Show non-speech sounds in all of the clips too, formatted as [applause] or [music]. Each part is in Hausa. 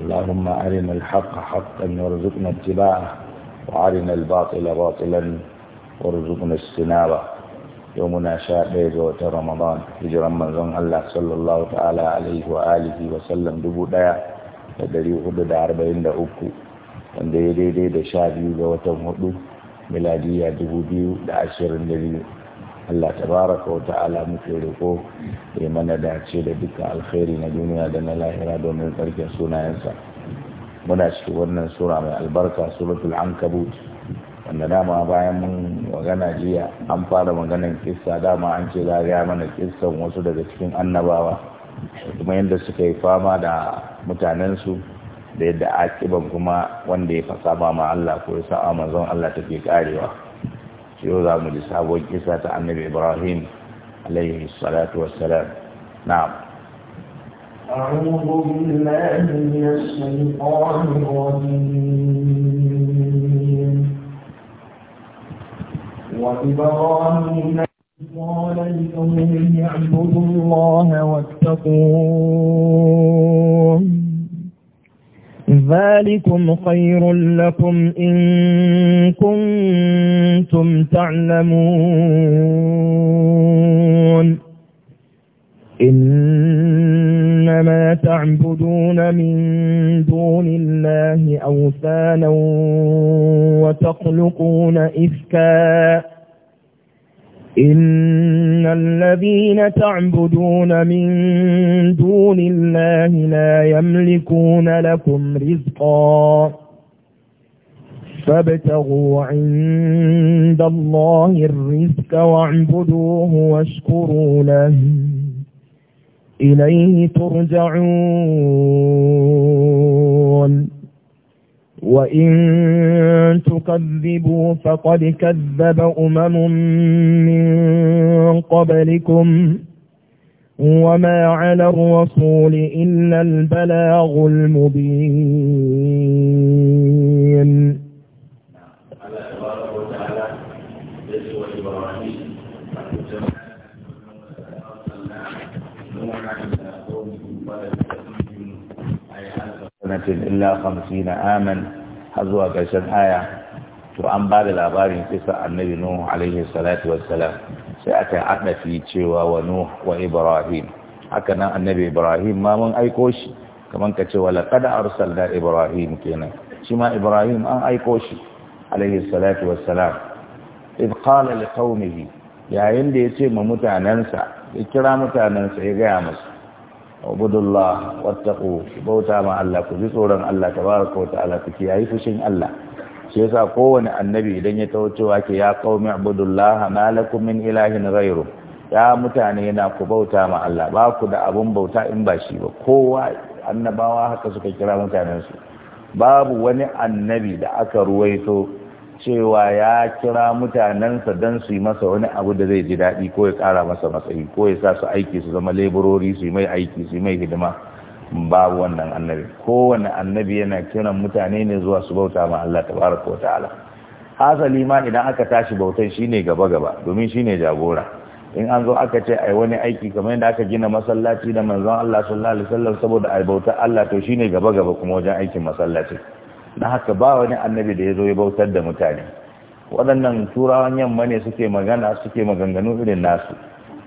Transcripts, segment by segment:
اللهم أرنا الحق حقا وارزقنا اتباعه وأرنا الباطل باطلا وارزقنا اجتنابه يومنا شاء بيزوة رمضان هجرا من زن الله صلى الله تعالى عليه وآله وسلم دبو دايا da dari hudu da arba'in da uku wanda ya daidai da sha biyu ga watan hudu miladiya dubu biyu da ashirin da biyu Allah baraka wa ta'ala muke riko ya mana dace da duka alkhairi na duniya da na lahira domin tsarkin sunayensa muna cikin wannan sura mai albarka suratul ankabut wanda dama bayan mun magana jiya an fara maganan kissa dama an ce za ya mana kissan wasu daga cikin annabawa kuma yadda suka yi fama da mutanensu da yadda akiban kuma wanda ya fasa ba ma Allah ko ya sa'a manzon Allah take karewa ذا من الإسحاب والكسة عن نبي إبراهيم عليه الصلاة والسلام نعم أعوذ بالله من الشيطان الرجيم وإبراهيم قال لكم أن يعبدوا الله واتقوه ذلكم خير لكم إن كنتم تعلمون إنما تعبدون من دون الله أوثانا وتخلقون إفكاً إن الذين تعبدون من دون الله لا يملكون لكم رزقا فابتغوا عند الله الرزق واعبدوه واشكروا له إليه ترجعون وَإِن تُكَذِّبُوا فَقَدْ كَذَّبَ أُمَمٌ مِّن قَبْلِكُمْ وَمَا عَلَى الرَّسُولِ إِلَّا الْبَلَاغُ الْمُبِينُ hasanatin illa hamsina aman har zuwa ƙarshen aya to an ba da labarin kisa annabi nuhu alaihi salatu wassalam sai aka yi haɗafi cewa wa nuhu wa ibrahim haka nan annabi ibrahim ma mun aiko shi kamar ka ce wa laqad arsalna ibrahim kenan shi ma ibrahim an aiko shi alaihi salatu wassalam id qala li yayin da yace ma mutanansa ya kira mutanansa ya gaya musu اعبدوا الله واتقوا بوتا ما ku ji tsoron Allah tabaraka wa ta'ala ku kiyayi fushin Allah shi yasa kowane annabi idan ya tawo cewa ke ya qaumi ibudullaha ma lakum min ilahin Rairu. ya mutane na ku bauta ma Allah ba ku da abun bauta in ba shi ba kowa annabawa haka suka kira mutanen su babu wani annabi da aka ruwaito cewa ya kira mutanensa don su yi masa wani abu da zai ji daɗi ko ya ƙara masa matsayi ko ya sa su aiki su zama laborori su yi mai aiki su yi mai hidima babu wannan annabi kowane annabi yana kiran mutane ne zuwa su bauta ma Allah wa ta'ala hasali ma idan aka tashi bautan shine gaba gaba domin shine jagora in an zo aka ce ai wani aiki kamar yadda aka gina masallaci da manzon Allah sallallahu alaihi wasallam saboda ai bauta Allah to shine gaba gaba kuma wajen aikin masallaci na haka ba wani annabi da ya zo ya bautar da mutane waɗannan turawan yamma ne suke magana suke maganganu irin nasu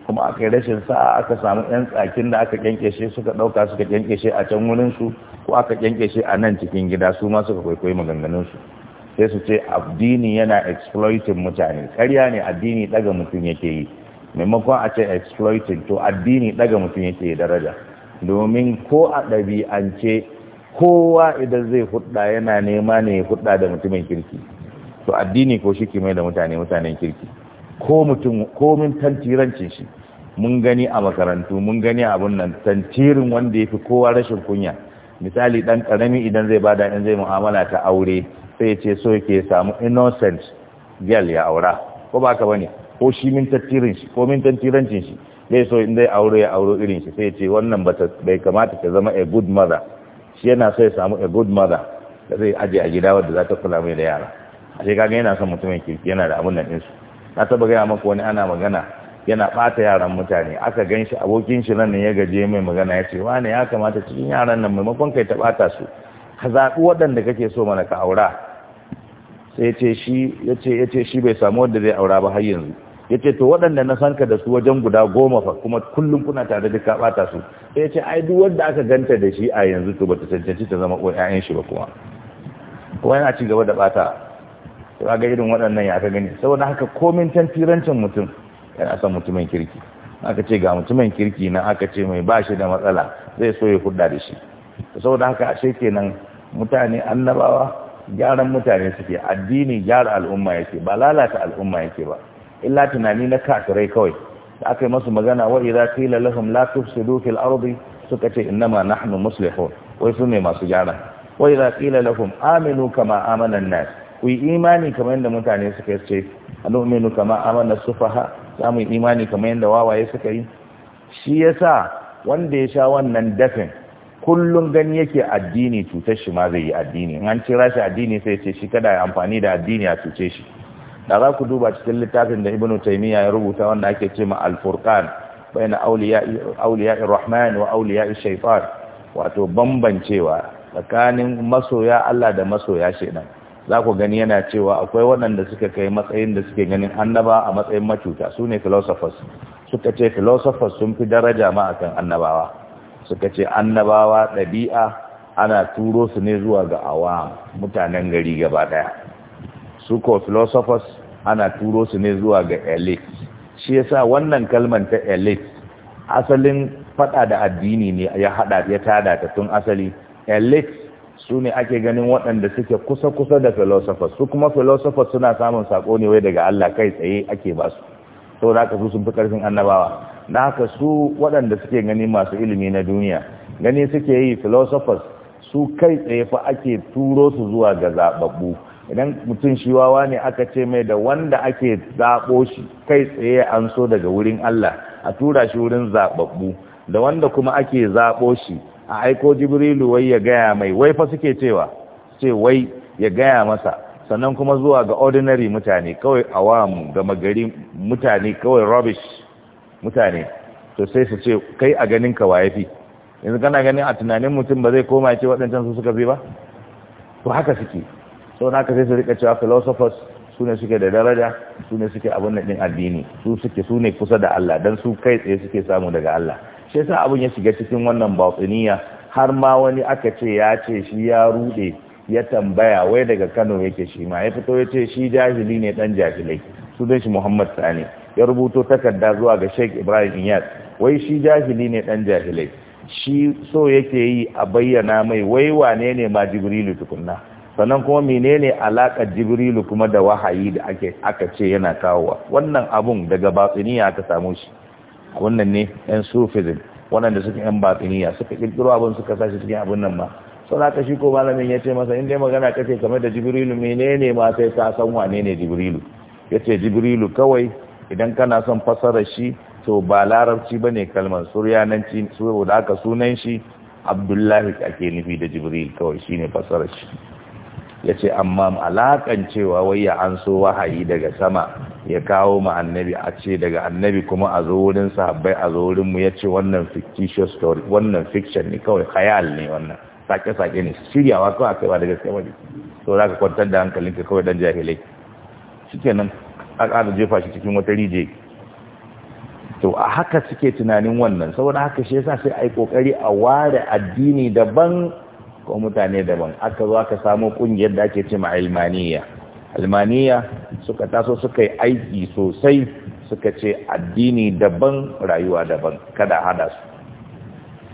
kuma aka yi rashin sa'a aka samu yan tsakin da aka kyankyashe suka ɗauka suka kyankyashe a can wurin su ko aka kyankyashe a nan cikin gida su ma suka kwaikwayi maganganun su sai su ce addini yana exploiting mutane ƙarya ne addini ɗaga mutum yake yi maimakon a ce exploiting to addini ɗaga mutum yake yi daraja domin ko a ɗabi'ance kowa idan zai hudda yana nema ne hudda da mutumin kirki to addini ko shi mai da mutane mutanen kirki ko mutum ko min tantirancin shi mun gani a makarantu mun gani abun nan tantirin wanda ya fi kowa rashin kunya misali dan karami idan zai bada in zai mu'amala ta aure sai ya ce so yake samu innocent girl ya aura ko ba ka bane ko shi min tantirin shi ko min tantirancin shi zai so in zai aure ya auro irin shi sai ya ce wannan bai kamata ta zama a good mother shi yana so ya samu a good mother da zai aje a gida wadda za ta kula mai da yara a shi kaga yana son mutumin kirki yana da abun nan ɗinsu na taɓa gaya maka wani ana magana yana ɓata yaran mutane aka gan shi abokin shi nan ya gaje mai magana ya ce wane ya kamata cikin yaran nan maimakon kai ta ɓata su ka zaɓi waɗanda kake so mana ka aura sai ya ce shi bai samu wadda zai aura ba har yanzu ya ce to waɗanda na sanka da su wajen guda goma fa kuma kullum kuna tare da ka ɓata su ya ce ai duk wanda aka ganta da shi a yanzu to ta cancanci ta zama ƙwai 'ya'yan shi ba kuma kuma yana ci gaba da ɓata to ga irin waɗannan ya ka gani saboda haka komin tantirancin mutum yana son mutumin kirki aka ce ga mutumin kirki na aka ce mai bashi da matsala zai so ya hudda da shi saboda haka ashe nan mutane annabawa gyaran mutane suke addini gyara al'umma yake ba lalata al'umma yake ba illa tunani na kafirai kawai da aka yi masu magana wa idza qila lahum la tufsidu fil ardi suka ce innama nahnu muslihun wai su ne masu gyara wa idza qila lahum aminu kama amana an-nas ku yi imani kamar yadda mutane suka ce anu'minu kama amana sufaha za mu yi imani kamar yadda wawaye suka yi shi yasa wanda ya sha wannan dafin kullum gani yake addini cutar shi ma zai yi addini in an cira shi addini sai ce shi kada ya amfani da addini a cuce shi da za ku duba cikin littafin da Ibn taymiya ya rubuta wanda ake ce ma al-furqan bayna awliya'i rahman wa awliya'i shaytan wato bambancewa tsakanin masoya Allah da masoya shaytan za ku gani yana cewa akwai waɗanda suka kai matsayin da suke ganin annaba a matsayin macuta su ne philosophers suka ce philosophers sun fi daraja ma akan annabawa suka ce annabawa ɗabi'a ana turo su ne zuwa ga awa mutanen gari gaba ɗaya su ko philosophers ana turo su ne zuwa ga elite shi yasa wannan kalman ta elite asalin fada da addini ne ya hada ya tada ta tun asali elite su ne ake ganin waɗanda suke kusa-kusa da philosophers su kuma philosophers suna samun sako ne wai daga Allah kai tsaye ake ba su da haka su sun fi karfin annabawa na haka su waɗanda suke gani masu ilimi na duniya gani suke yi philosophers su kai tsaye fa ake turo su zuwa ga zababbu idan mutum shi wawa ne aka ce mai da wanda ake zaɓo shi kai tsaye an so daga wurin Allah a tura shi wurin zaɓaɓɓu da wanda kuma ake zaɓo shi a aiko jibrilu wai ya gaya mai wai fa suke cewa ce wai ya gaya masa sannan kuma zuwa ga ordinary mutane kawai awamu gama gari mutane kawai rubbish mutane to sai su ce kai a ganin ka waye fi yanzu kana ganin a tunanin mutum ba zai koma ya ce waɗancan su suka fi ba to haka suke sau na ka sai su rika cewa philosophers su ne suke da daraja su ne suke abin nadin addini su suke su ne kusa da Allah dan su kai tsaye suke samu daga Allah shi yasa abin ya shiga cikin wannan batsiniya har ma wani aka ce ya ce shi ya rude ya tambaya wai daga Kano yake shi ma ya fito ya ce shi jahili ne dan jahilai su dan shi Muhammad Sani ya rubuto takarda zuwa ga Sheikh Ibrahim Iyad wai shi jahili ne dan jahilai shi so yake yi a bayyana mai wai wane ne ma Jibrilu tukunna sannan kuma menene alaƙar jibrilu kuma da wahayi da ake aka ce yana kawowa wannan abun daga batsiniya aka samu shi wannan ne yan sufism wannan da suka yan batsiniya suka kirkiro abin suka sashi cikin abin nan ma sau aka shi ko malamin ya ce masa in dai magana ce kamar da jibrilu menene ma sai ka san wane ne jibrilu ya ce jibrilu kawai idan kana son fasarar shi to ba larabci ba ne kalmar suryananci saboda haka sunan shi abdullahi ake nufi da jibril kawai shine fasarar shi ya ce amma alaƙan cewa wai ya an so wahayi daga sama ya kawo ma annabi a ce daga annabi kuma a zo wurin sahabbai a zo wurin mu ya ce wannan fictitious story wannan fiction ne kawai khayal ne wannan sake-sake ne shiryawa kawai a kaiwa daga gaske wani so za ka kwantar da hankalinka kawai dan jahilai shi kenan a ƙara jefa shi cikin wata rije to a haka suke tunanin wannan saboda haka shi yasa sai a yi ƙoƙari a ware addini daban ko mutane daban aka zo aka samu kungiyar da ake ce ma almaniya almaniya suka taso suka yi aiki sosai suka ce addini daban rayuwa daban kada hada su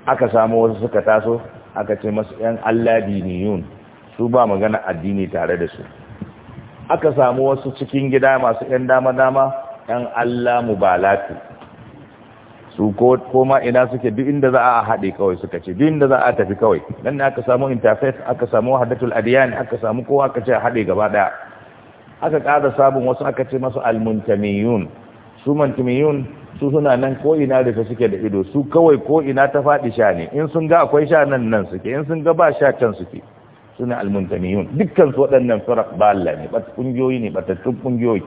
aka samu wasu suka taso aka ce masu yan Allah diniyun su ba magana addini tare da su aka samu wasu cikin gida masu yan dama-dama yan allah mubalatu su ko ma ina suke duk inda za a haɗe kawai suka ce duk inda za a tafi kawai nan ne aka samu interfaith aka samu wahadatul adiyan aka samu kowa aka ce a haɗe gaba ɗaya aka ƙara samun wasu aka ce masu almuntamiyun su mantumiyun su suna nan ko ina da su suke da ido su kawai ko ina ta faɗi sha ne in sun ga akwai sha nan nan suke in sun ga ba sha can suke suna almuntamiyun dukkan su waɗannan firak ba Allah ne ba kungiyoyi ne ba tun kungiyoyi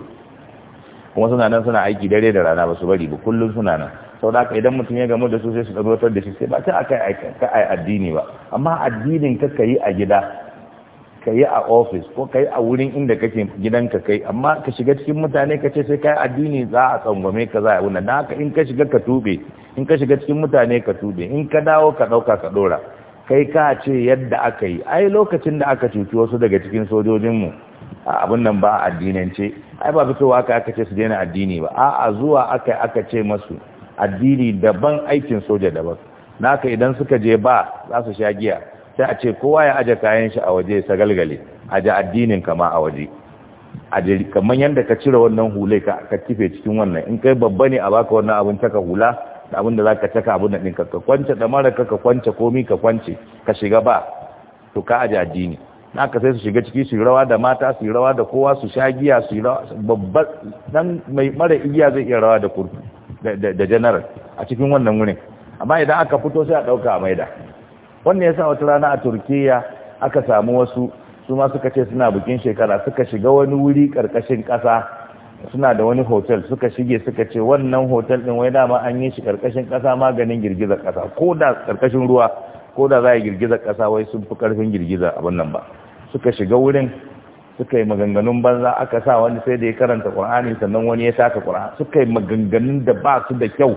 kuma suna nan suna aiki dare da rana ba su bari ba kullum suna nan sau idan mutum ya gamu da su sai su gabatar da shi sai ba ta aka yi addini ba amma addinin ka ka yi a gida ka yi a ofis ko ka yi a wurin inda kake ka kai amma ka shiga cikin mutane ka ce sai ka yi addini za a tsangwame ka za a wuna na haka in ka shiga ka tube in ka shiga cikin mutane ka tube in ka dawo ka ɗauka ka ɗora kai ka ce yadda aka yi ai lokacin da aka cuci wasu daga cikin sojojinmu a abin nan ba addinance ai ba fitowa aka aka ce su daina addini ba a'a zuwa aka aka ce masu addini daban aikin soja daban naka idan suka je ba za su sha giya sai a ce kowa ya aje kayan shi a waje sa galgale aje addinin kama a waje aje kamar yanda ka cire wannan hulai ka ka kife cikin wannan in kai babba ne a baka wannan abin taka hula da abin da zaka taka abin da din ka kwance da mara ka kwance komi ka kwance ka shiga ba to ka aje addini naka sai su shiga ciki su rawa da mata su rawa da kowa su sha giya su rawa babba dan mai mara igiya zai iya rawa da kurfi. da general a cikin wannan wurin amma idan aka fito sai a ɗauka a maida wannan ya wata rana a turkiya aka samu wasu su ma suka ce suna bikin shekara suka shiga wani wuri ƙarƙashin ƙasa suna da wani hotel suka shige suka ce wannan hotel din wai dama an yi shi karkashin kasa maganin girgizar ƙasa ko da ƙarƙashin ruwa ko da za a girgizar ƙasa wai sun fi ƙarfin girgiza abin nan ba suka shiga wurin suka yi maganganun banza aka sa wani sai da ya karanta ƙwar'ani sannan wani ya taka ƙwar'a suka yi maganganun da ba su da kyau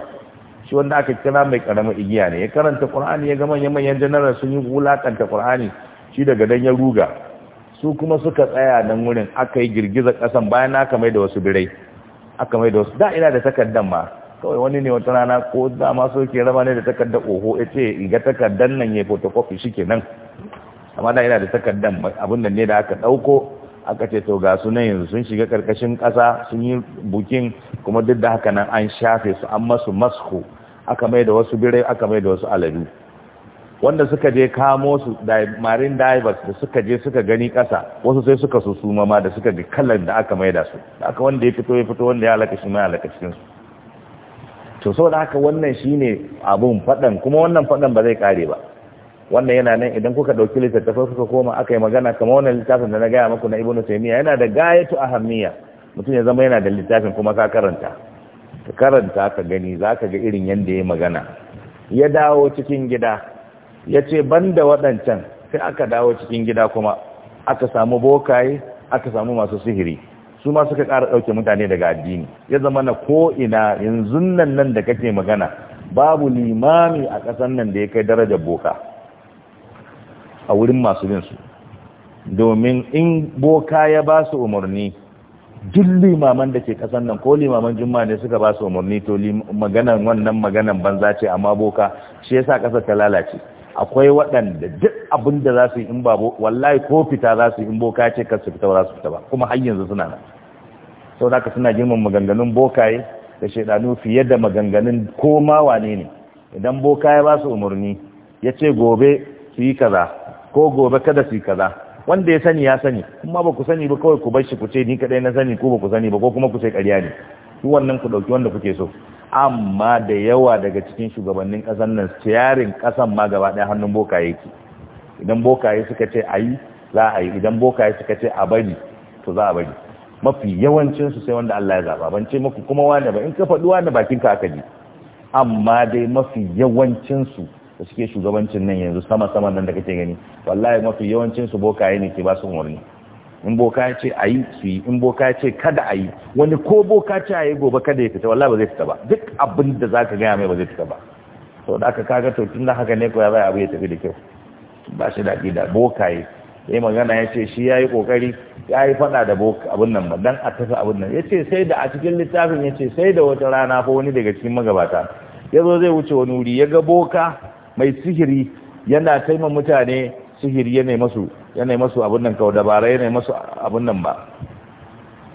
shi wanda aka kira mai ƙaramin igiya ne ya karanta ƙwar'ani ya ga manyan manyan janarar sun yi wulaƙanta ƙwar'ani shi daga dan ya ruga su kuma suka tsaya nan wurin aka yi girgiza ƙasan bayan aka mai da wasu birai aka mai da wasu da ina da takardan ma kawai wani ne wata rana ko dama so ke raba ne da takardar oho ya ce ga takardan nan ya photocopy shi kenan amma da ina da takardan abin nan ne da aka ɗauko aka ce to ga su nan yanzu sun shiga karkashin ƙasa sun yi bukin kuma duk da haka nan an shafe su an masu masku aka mai da wasu birai aka mai da wasu aladu wanda suka je kamo su marin divers da suka je suka gani ƙasa wasu sai suka su suma ma da suka ga kalan da aka mai da su da aka wanda ya fito ya fito wanda ya halaka shi mai halaka cikin su to saboda haka wannan shine abun faɗan kuma wannan faɗan ba zai kare ba wannan yana nan idan kuka ɗauki littattafai kuka koma aka yi magana kamar wannan littafin da na gaya muku na ibnu taymiya yana da gayatu ahammiya mutum ya zama yana da littafin kuma ka karanta ka karanta ka gani za ka ga irin yanda ya magana ya dawo cikin gida ya ce ban da waɗancan sai aka dawo cikin gida kuma aka samu bokaye aka samu masu sihiri su ma suka ƙara ɗauke mutane daga addini ya zama na ko'ina yanzu nan nan da kake magana babu limami a ƙasan nan da ya kai darajar boka a wurin masu bin su domin in boka ya ba su umarni duk limaman da ke kasan nan ko limaman juma ne suka ba su umarni to maganan wannan maganan banza ce amma boka shi yasa kasar ta lalace akwai waɗanda duk abin da za su yi in ba wallahi ko fita za su yi in boka ce kasu su fita ba za su fita ba kuma har yanzu suna nan sau da suna girman maganganun bokaye da shaidanu fiye da maganganun ko ma wane ne idan boka ya ba su umarni ya ce gobe su yi kaza ko gobe kada su kaza wanda ya sani ya sani kuma ba ku sani ba kawai ku bar shi ku ce ni kadai na sani ko ba ku sani ba ko kuma ku sai ƙarya ne ku wannan ku dauki wanda kuke so amma da yawa daga cikin shugabannin ƙasar nan yarin ƙasan ma gaba ɗaya hannun bokaye yake idan bokaye suka ce ayi za a yi idan bokaye suka ce a bari to za a bari mafi yawancin su sai wanda Allah ya zaba ban ce muku kuma wani ba in ka faɗi wani bakin ka aka ji amma dai mafi yawancin su da suke shugabancin nan yanzu sama sama nan da kake gani wallahi mafi yawancin su bokaye ne ke ba su umarni in boka ya ce a yi su yi in boka ya ce kada a yi wani ko boka ce a yi gobe kada ya fita wallahi ba zai fita ba duk abin da za ka gaya mai ba zai fita ba to da aka kaga to tun da haka ne ko ya zai abu ya tafi da kyau ba shi daɗi da bokaye ya magana ya ce shi ya yi ƙoƙari ya yi faɗa da abin nan ba Dan a tafi abin nan ya ce sai da a cikin littafin ya ce sai da wata rana ko wani daga cikin magabata ya zo zai wuce wani wuri ya ga boka mai sihiri yana taimaka mutane sihiri yana masu yana masu abun nan kawai dabarai yana masu abun nan ba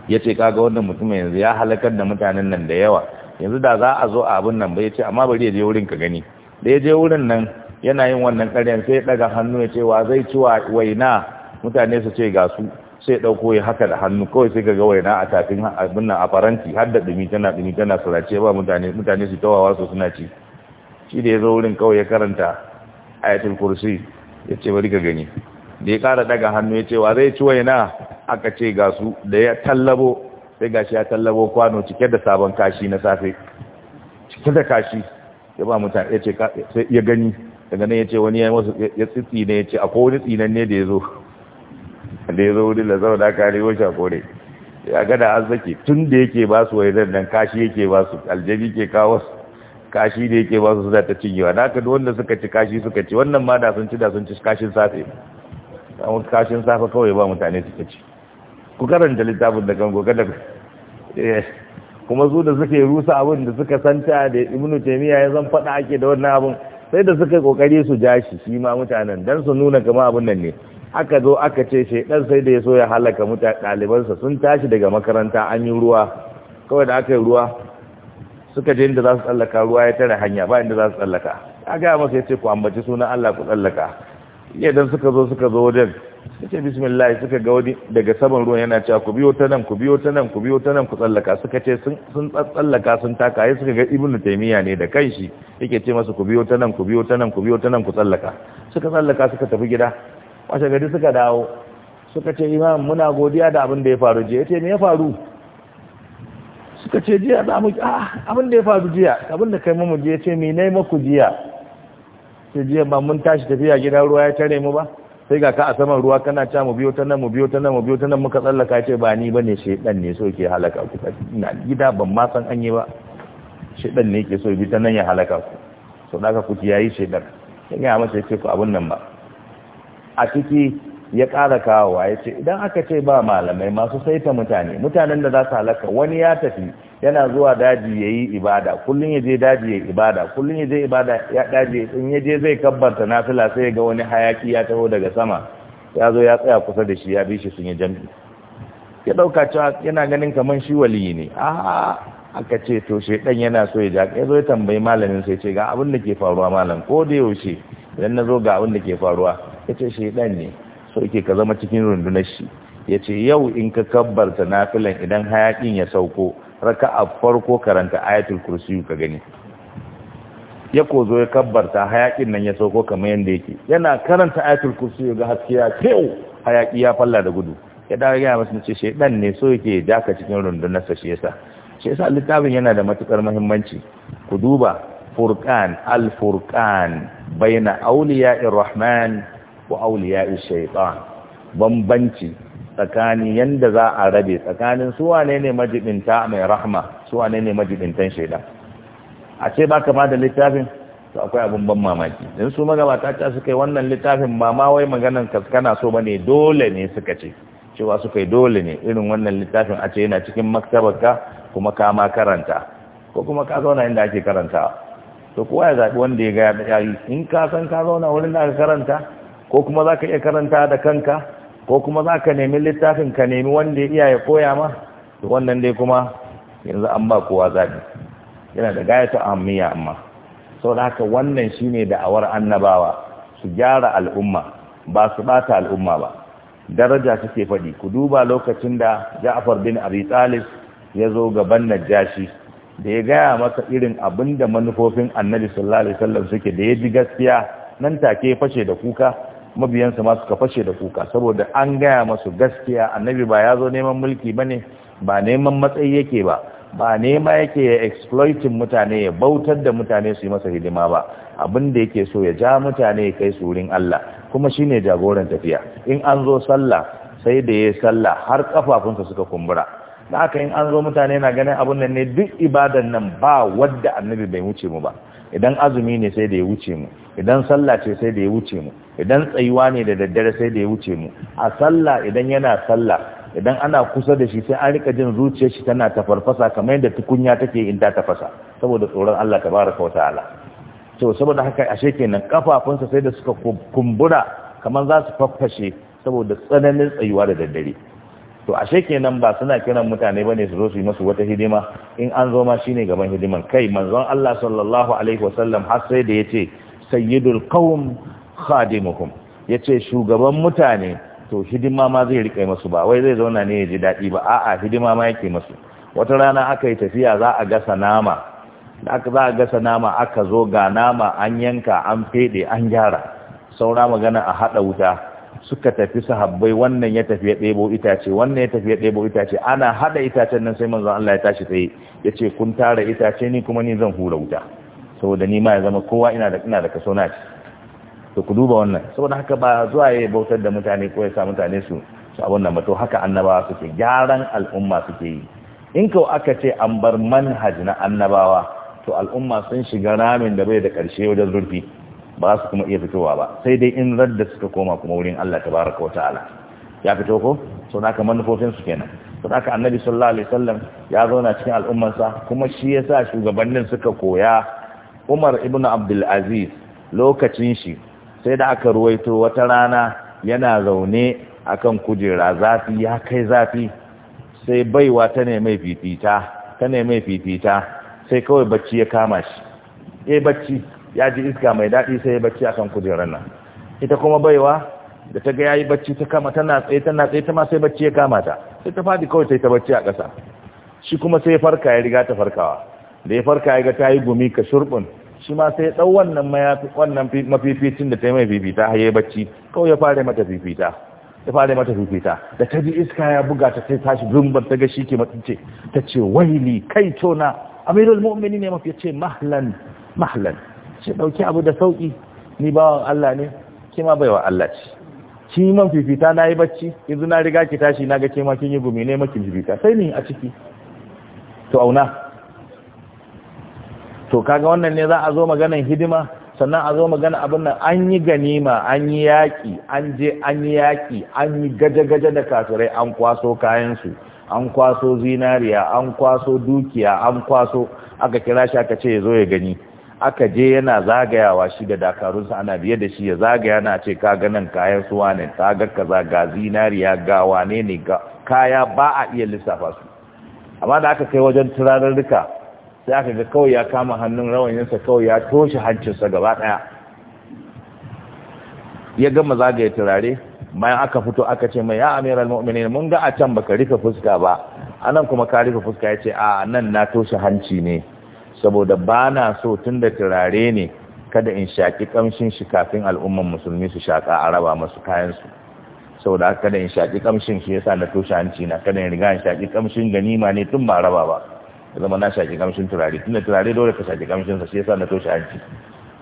yace kaga wannan mutumin yanzu ya halakar da mutanen nan da yawa yanzu da za a zo a abun nan ba ce, amma bari ya je wurin ka gani da ya je wurin nan yana yin wannan karyan, sai ya daga hannu ya ce wa zai ci wa waina mutane su ce ga su sai ɗauko ya haka da hannu kawai sai ga waina a tafin abin nan a faranti har da dumi tana dumi tana sarace ba mutane mutane su tawawa su suna ci shi da ya zo wurin kawai ya karanta ayatul kursi ya ce bari ka gani da ya kara daga hannu ya ce wa zai ci waina aka ce ga su da ya tallabo sai gashi ya tallabo kwano cike da sabon kashi na safe cike da kashi ya ba mutane ya ce ya gani daga nan ya ce wani ya tsitsi ne ya ce akwai wani tsinan ne da ya zo da ya zo wurin da zaune aka arewa shakore ya gada arziki tun da yake ba su waidan nan kashi yake ba su aljabi ke kawo su kashi da yake ba su suna ta cinyewa da haka wanda suka ci kashi suka ci wannan ma da sun ci da sun ci kashin safe kashin safe kawai ba mutane suka ci ku karanta littafin da kan kanku da eh. kuma su da yi rusa abin da suka santa da ibnu taymiya ya zan faɗa ake da wannan abin sai da suka kokari su ja shi shi ma mutanen dan su nuna kama abin nan ne aka zo aka ce shi dan sai da ya so ya halaka mutane ɗalibansa sun tashi daga makaranta an yi ruwa kawai da aka yi ruwa suka je inda za su tsallaka ruwa ya tare hanya ba inda za su tsallaka a gaya masa ya ce ku ambaci sunan Allah ku tsallaka idan suka zo suka zo wajen suka ce bismillah suka ga wani daga saman ruwan yana cewa ku biyo ta nan ku biyo ta nan ku biyo ta nan ku tsallaka suka ce sun tsallaka sun taka ya suka ga ibnu taymiya ne da kanshi yake ce masa ku biyo ta nan ku biyo ta nan ku biyo ta nan ku tsallaka suka tsallaka suka tafi gida washe gari suka dawo suka ce imam muna godiya da abin da ya faru je ya ce me ya faru suka ce jiya za mu ah abin da ya faru jiya abin da kai mu je ce me nayi maku jiya sai jiya ba mun tashi tafiya gidan ruwa ya tare mu ba sai ga ka a saman ruwa kana ta mu biyo ta nan mu biyo ta nan mu biyo ta nan muka tsallaka ce ba ni bane shedan ne so ke halaka ku ina gida ban ma san an yi ba shedan ne ke so bi ta nan ya halaka ku so daga ku kiyayi shedan sai ga mace ce ku abun nan ba a ciki ya ƙara kawowa ya ce idan aka ce ba malamai masu saita mutane mutanen da za su halaka wani ya tafi yana zuwa daji ya yi ibada kullum ya je daji ya yi ibada kullum ya je ibada ya daji ya ya je zai kabbanta nafila sai ga wani hayaki ya taho daga sama ya zo ya tsaya kusa da shi ya bi shi sun yi jam'i ya ɗauka cewa yana ganin kamar shi waliyi ne a aka ce to ɗan yana so ya ja ya zo ya tambayi malamin sai ce ga abin da ke faruwa malam ko da yaushe idan na zo ga abin da ke faruwa ya ce shi ɗan ne so yake ka zama cikin rundunar shi ya ce yau in ka kabbarta nafilan idan hayakin ya sauko raka a farko karanta ayatul kursi ka gani ya ko zo ya kabbarta hayakin nan ya sauko kamar yadda yake yana karanta ayatul kursi ga haske ya kyau hayaki ya falla da gudu ya dawo ya masu ce dan ne so yake daka cikin rundunarsa shi yasa shi yasa littafin yana da matukar muhimmanci ku duba furqan al furqan baina awliya rahman wa auliya shaytan bambanci tsakani yanda za a rabe tsakanin su wane ne majibinta mai rahma su wane ne majibintan shaitan a ce ba da littafin to akwai abin ban mamaki don su magabata ta suka yi wannan littafin ba ma wai maganan kaskana so bane dole ne suka ce cewa suka yi dole ne irin wannan littafin a ce yana cikin maktabarka kuma ka ma karanta ko kuma ka zauna inda ake karanta to kowa ya zaɓi wanda ya ga ya yi in ka san ka zauna wurin da aka karanta ko kuma za ka iya karanta da kanka ko kuma za ka nemi littafin ka nemi wanda iya ya koya ma to wannan dai kuma yanzu an ba kowa zaɓi yana da gayata ahammiya amma sau da haka wannan shi ne da'awar annabawa su gyara al'umma ba su bata al'umma ba daraja suke faɗi ku duba lokacin da ja'afar bin abi talib ya zo gaban najashi da ya gaya masa irin abin da manufofin annabi sallallahu alaihi wasallam suke da ya ji gaskiya nan take fashe da kuka mabiyansa ma suka fashe da kuka saboda an gaya masu gaskiya annabi ba ya zo neman mulki ba ne ba neman matsayi yake ba ba nema yake ya exploiting mutane ya bautar da mutane su yi masa hidima ba abin da yake so ya ja mutane ya kai su wurin Allah kuma shine jagoran tafiya in an zo sallah sai da ya sallah har kafafunsa suka kumbura da haka in an zo mutane na ganin abun nan ne duk ibadan nan ba wadda annabi bai wuce mu ba idan azumi ne sai da ya wuce mu idan sallah ce sai da ya wuce mu idan tsayuwa ne da daddare sai da ya wuce mu a sallah idan yana sallah idan ana kusa da shi sai an rika jin zuciyar shi tana tafarfasa kamar yadda tukunya take in ta tafasa saboda tsoron Allah tabaraka wa ta'ala to saboda haka ashe kenan kafafunsa sai da suka kumbura kamar za su faffashe saboda tsananin tsayuwa da daddare to ashe kenan ba suna kiran mutane bane su zo su yi musu wata hidima in an zo ma shine gaban hidiman kai manzon Allah sallallahu alaihi wasallam har sai da yace sayyidul qaum khadimuhum yace shugaban mutane to hidima ma zai rike musu ba wai zai zauna ne ya ji dadi ba a'a hidima ma yake musu wata rana aka yi tafiya za a gasa nama da aka za a gasa nama aka zo ga nama an yanka an fede an gyara saura magana a hada wuta suka tafi sahabbai wannan ya tafi ya ɗebo itace wannan ya tafi ya ɗebo itace ana hada itacen nan sai manzon Allah ya tashi tsaye ya ce kun tara itace ni kuma ni zan hura wuta saboda ni ma ya zama kowa ina da ina da kaso na ci to ku duba wannan saboda haka ba zuwa ya bautar da mutane ko ya sa mutane su su abun nan ba to haka annabawa suke gyaran al'umma suke yi in ko aka ce an bar manhaj na annabawa to al'umma sun shiga ramin da bai da ƙarshe wajen zurfi ba su kuma iya fitowa ba sai dai in radda suka koma kuma wurin Allah tabaraka wa ta'ala ya fito ko so naka manufofin su kenan to ka annabi sallallahu alaihi wasallam ya zauna cikin al'ummarsa kuma shi yasa shugabannin suka koya Umar ibn Abdul Aziz lokacin shi sai da aka ruwaito wata rana yana zaune akan kujera zafi ya kai zafi sai baiwa ta ne mai fifita ta ne mai fifita sai kawai bacci ya kama shi eh bacci ya ji iska mai daɗi sai ya bacci akan kujerar nan ita kuma baiwa da ta ga yayi bacci ta kama tana tsaye tana tsaye ta ma sai bacci ya kama ta sai ta fadi kawai sai ta bacci a ƙasa shi kuma sai farka ya riga ta farkawa da ya farka ya ga ta yi gumi ka shurbin shi ma sai ɗau wannan mayafi wannan mafificin da ta yi mai fifita har yi bacci kawai ya fara mata fifita ya fara mata fifita da ta ji iska ya buga ta sai tashi zumbar ta ga shi ke matsince ta ce waili kai tona amirul mu'mini ne mafi ce mahlan mahlan ce ɗauki abu da sauƙi ni bawan Allah ne ke ma baiwa Allah ce ki man fifita na yi bacci yanzu na riga ki tashi na ga ke ma kin yi gumi ne makin fifita sai ni a ciki to auna to kaga wannan ne za a zo maganan hidima sannan a zo magana abin nan an yi ganima an yi yaƙi an je an yi yaƙi an yi gaje-gaje da kafirai an kwaso kayansu an kwaso zinariya an kwaso dukiya an kwaso aka kira shi aka ce ya zo ya gani aka je yana zagayawa shi da dakarunsa ana biye da shi ya zagaya na ce ka ganin kayan suwa ne ta ga kaza ga zinariya ga wane ne ga kaya ba a iya lissafa su amma da aka kai wajen duka sai aka ga kawai ya kama hannun rawayinsa kawai ya toshe hancinsa gaba daya ya gama zagaya turare bayan aka fito aka ce mai ya amiral mu'minin mun ga a can baka rufe fuska ba anan kuma ka rufe fuska ya ce a nan na toshe hanci ne saboda ba na so tun da turare ne kada in shaƙi ƙamshin shi kafin al'umman musulmi su shaƙa a raba masu kayansu saboda haka kada in shaƙi ƙamshin shi yasa na toshe hanci na kada in riga in shaƙi ƙamshin ganima ne tun ba raba ba ya zama na shaƙi ƙamshin turare tun da turare dole ka shaƙi ƙamshin sa shi yasa na toshe hanci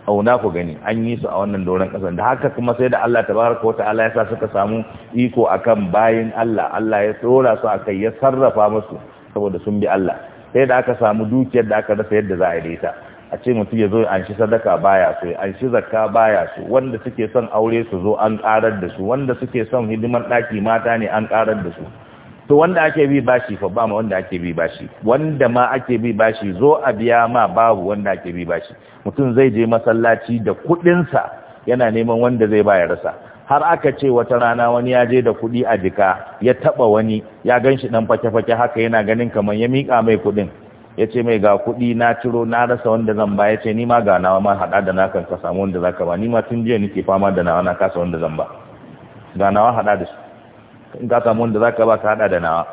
auna ku gani an yi su a wannan doron ƙasar da haka kuma sai da Allah tabaraka wa ta'ala ya sa suka samu iko akan bayin Allah Allah ya tsora su akai ya sarrafa musu saboda sun bi Allah sai da aka samu dukiyar da aka rasa yadda za a yi ita a ce mutum ya zo an shi sadaka baya so an shi zakka baya so wanda suke son aure su zo an karar da su wanda suke son hidimar daki mata ne an karar da su to wanda ake bi bashi fa ba ma wanda ake bi bashi wanda ma ake bi bashi zo a biya ma babu wanda ake bi bashi mutum zai je masallaci da kuɗinsa yana neman wanda zai ba ya rasa har aka ce wata rana wani ya je da kuɗi a jika ya taɓa wani ya gan shi ɗan fake-fake haka yana ganin kamar ya miƙa mai kuɗin ya ce mai ga kuɗi na ciro na rasa wanda zan ba ya ce ni ma ga nawa ma haɗa da nakan ka samu wanda za ka ba ni ma tun jiya nake fama da nawa na kasa wanda zan ba ga nawa haɗa da su in ka samu wanda za ka ba ka haɗa da nawa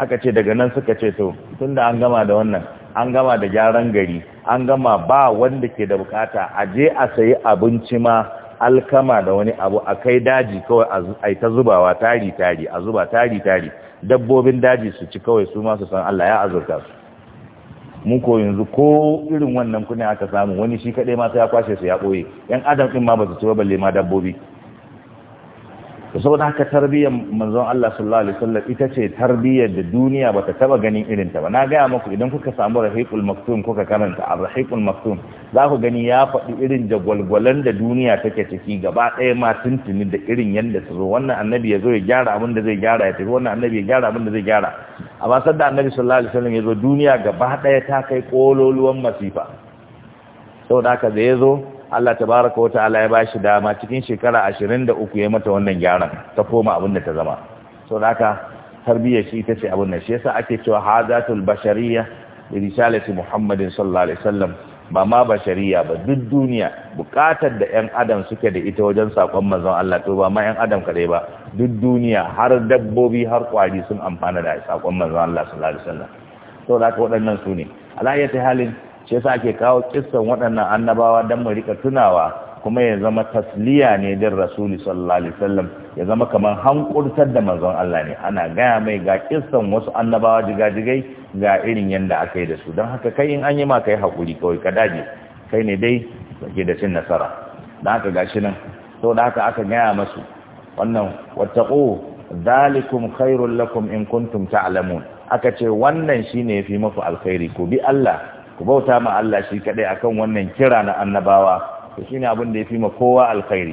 aka ce daga nan suka ce to tun da an gama da wannan an gama da gyaran gari an gama ba wanda ke da bukata a je a sayi abinci ma alkama da wani abu a kai daji kawai a ta zubawa tari tari a zuba tari tari dabbobin daji su ci kawai su masu san Allah ya azurta su mu ko yanzu ko irin wannan kuɗin aka samu wani shi kaɗai ma sai ya kwashe su ya ɓoye yan adam ɗin ma ba su ci ba balle ma dabbobi saboda haka tarbiyyar manzon Allah sallallahu alaihi wasallam ita ce tarbiyyar da duniya bata taba ganin irin ta ba na gaya muku idan kuka samu rahiqul maktum kuka karanta ar-rahiqul maktum za ku gani ya faɗi irin jagwalgwalan da duniya take ciki gaba ɗaya ma tuntuni da irin yanda su zo wannan annabi ya zo ya gyara abin da zai gyara ya tafi wannan annabi ya gyara abin da zai gyara a ba sadda annabi sallallahu alaihi wasallam ya zo duniya gaba ɗaya ta kai kololuwan masifa saboda haka da ya zo Allah ta baraka wata ala ya shi dama cikin shekara ashirin 23 ya mata wannan gyaran ta koma abin da ta zama so haka tarbiyyar shi ita ce abin nan shi yasa ake cewa hadatul bashariya bi risalati Muhammadin sallallahu alaihi wasallam ba ma bashariya ba duk duniya bukatar da yan adam suke da ita wajen sakon manzon Allah to ba ma yan adam kadai ba duk duniya har dabbobi har kwari sun amfana da sakon manzon Allah sallallahu alaihi wasallam to da ka waɗannan su ne alayyati halin shi yasa ake kawo kissan waɗannan annabawa don mu rika tunawa kuma ya zama tasliya ne din rasuli sallallahu alaihi wasallam ya zama kamar hankurtar da manzon Allah ne ana gaya mai ga kissan wasu annabawa jigajigai ga irin yanda aka yi da su don haka kai in an yi ma kai hakuri kawai ka dage kai ne dai ke da cin nasara don haka gashi nan to da haka aka gaya masu wannan wattaqu zalikum khairul lakum in kuntum ta'lamun aka ce wannan shine yafi maku alkhairi ku bi Allah ku bauta ma Allah shi kadai akan wannan kira na annabawa to shine abin da yafi ma kowa alkhairi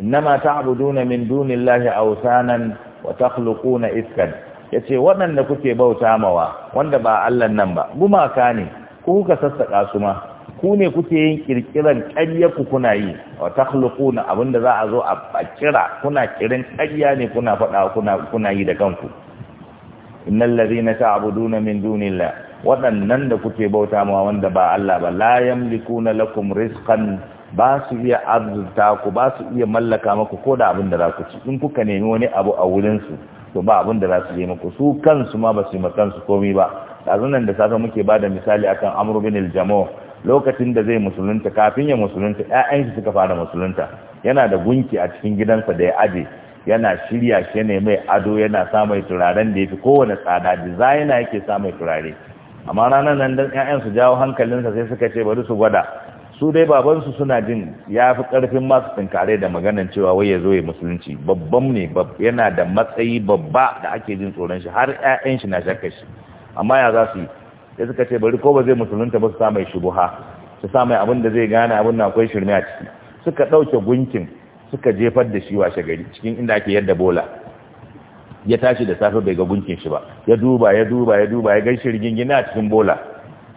innama ta'buduna min dunillahi awsanan wa takhluquna iskan yace waɗanda kuke bauta mawa wanda ba Allah nan ba gumaka ne ku kuka sassaka su ma ku ne kuke yin kirkiran ƙarya ku kuna yi wa takhluquna abinda za a zo a kira kuna kirin ƙarya ne kuna faɗa kuna kuna yi da kanku innal ladhina ta'buduna min dunillahi waɗannan da kuke bauta ma wanda ba Allah ba la yamlikuna lakum rizqan ba su iya arzuta ku ba su iya mallaka maku ko da abin da za ku ci in kuka nemi wani abu a wurin su to ba abin da za su yi maku su kansu ma ba su yi ma kansu komai ba ɗazun nan da safe muke ba da misali akan amru bin aljamo lokacin da zai musulunta kafin ya musulunta ƴaƴan shi suka fara musulunta yana da gunki a cikin gidansa da ya aje yana shirya shi ne mai ado yana sa mai turaren da ya kowane tsada designer yake sa mai turare amma ranar nan dan ƴaƴan su jawo hankalinsa sai suka ce bari su gwada su dai babansu suna jin ya fi karfin masu tsinkare da maganan cewa wai ya zo ya musulunci babban ne yana da matsayi babba da ake jin tsoron shi har 'ya'yan shi na shakka shi amma ya za su yi ya suka ce bari ko ba zai musulunta ba su sa mai shubuha su sa mai abin da zai gane abin da akwai shirme a ciki suka ɗauke gunkin suka jefar da shi washe gari cikin inda ake yadda bola ya tashi da safe bai ga gunkin shi ba ya duba ya duba ya duba ya gan shi a cikin bola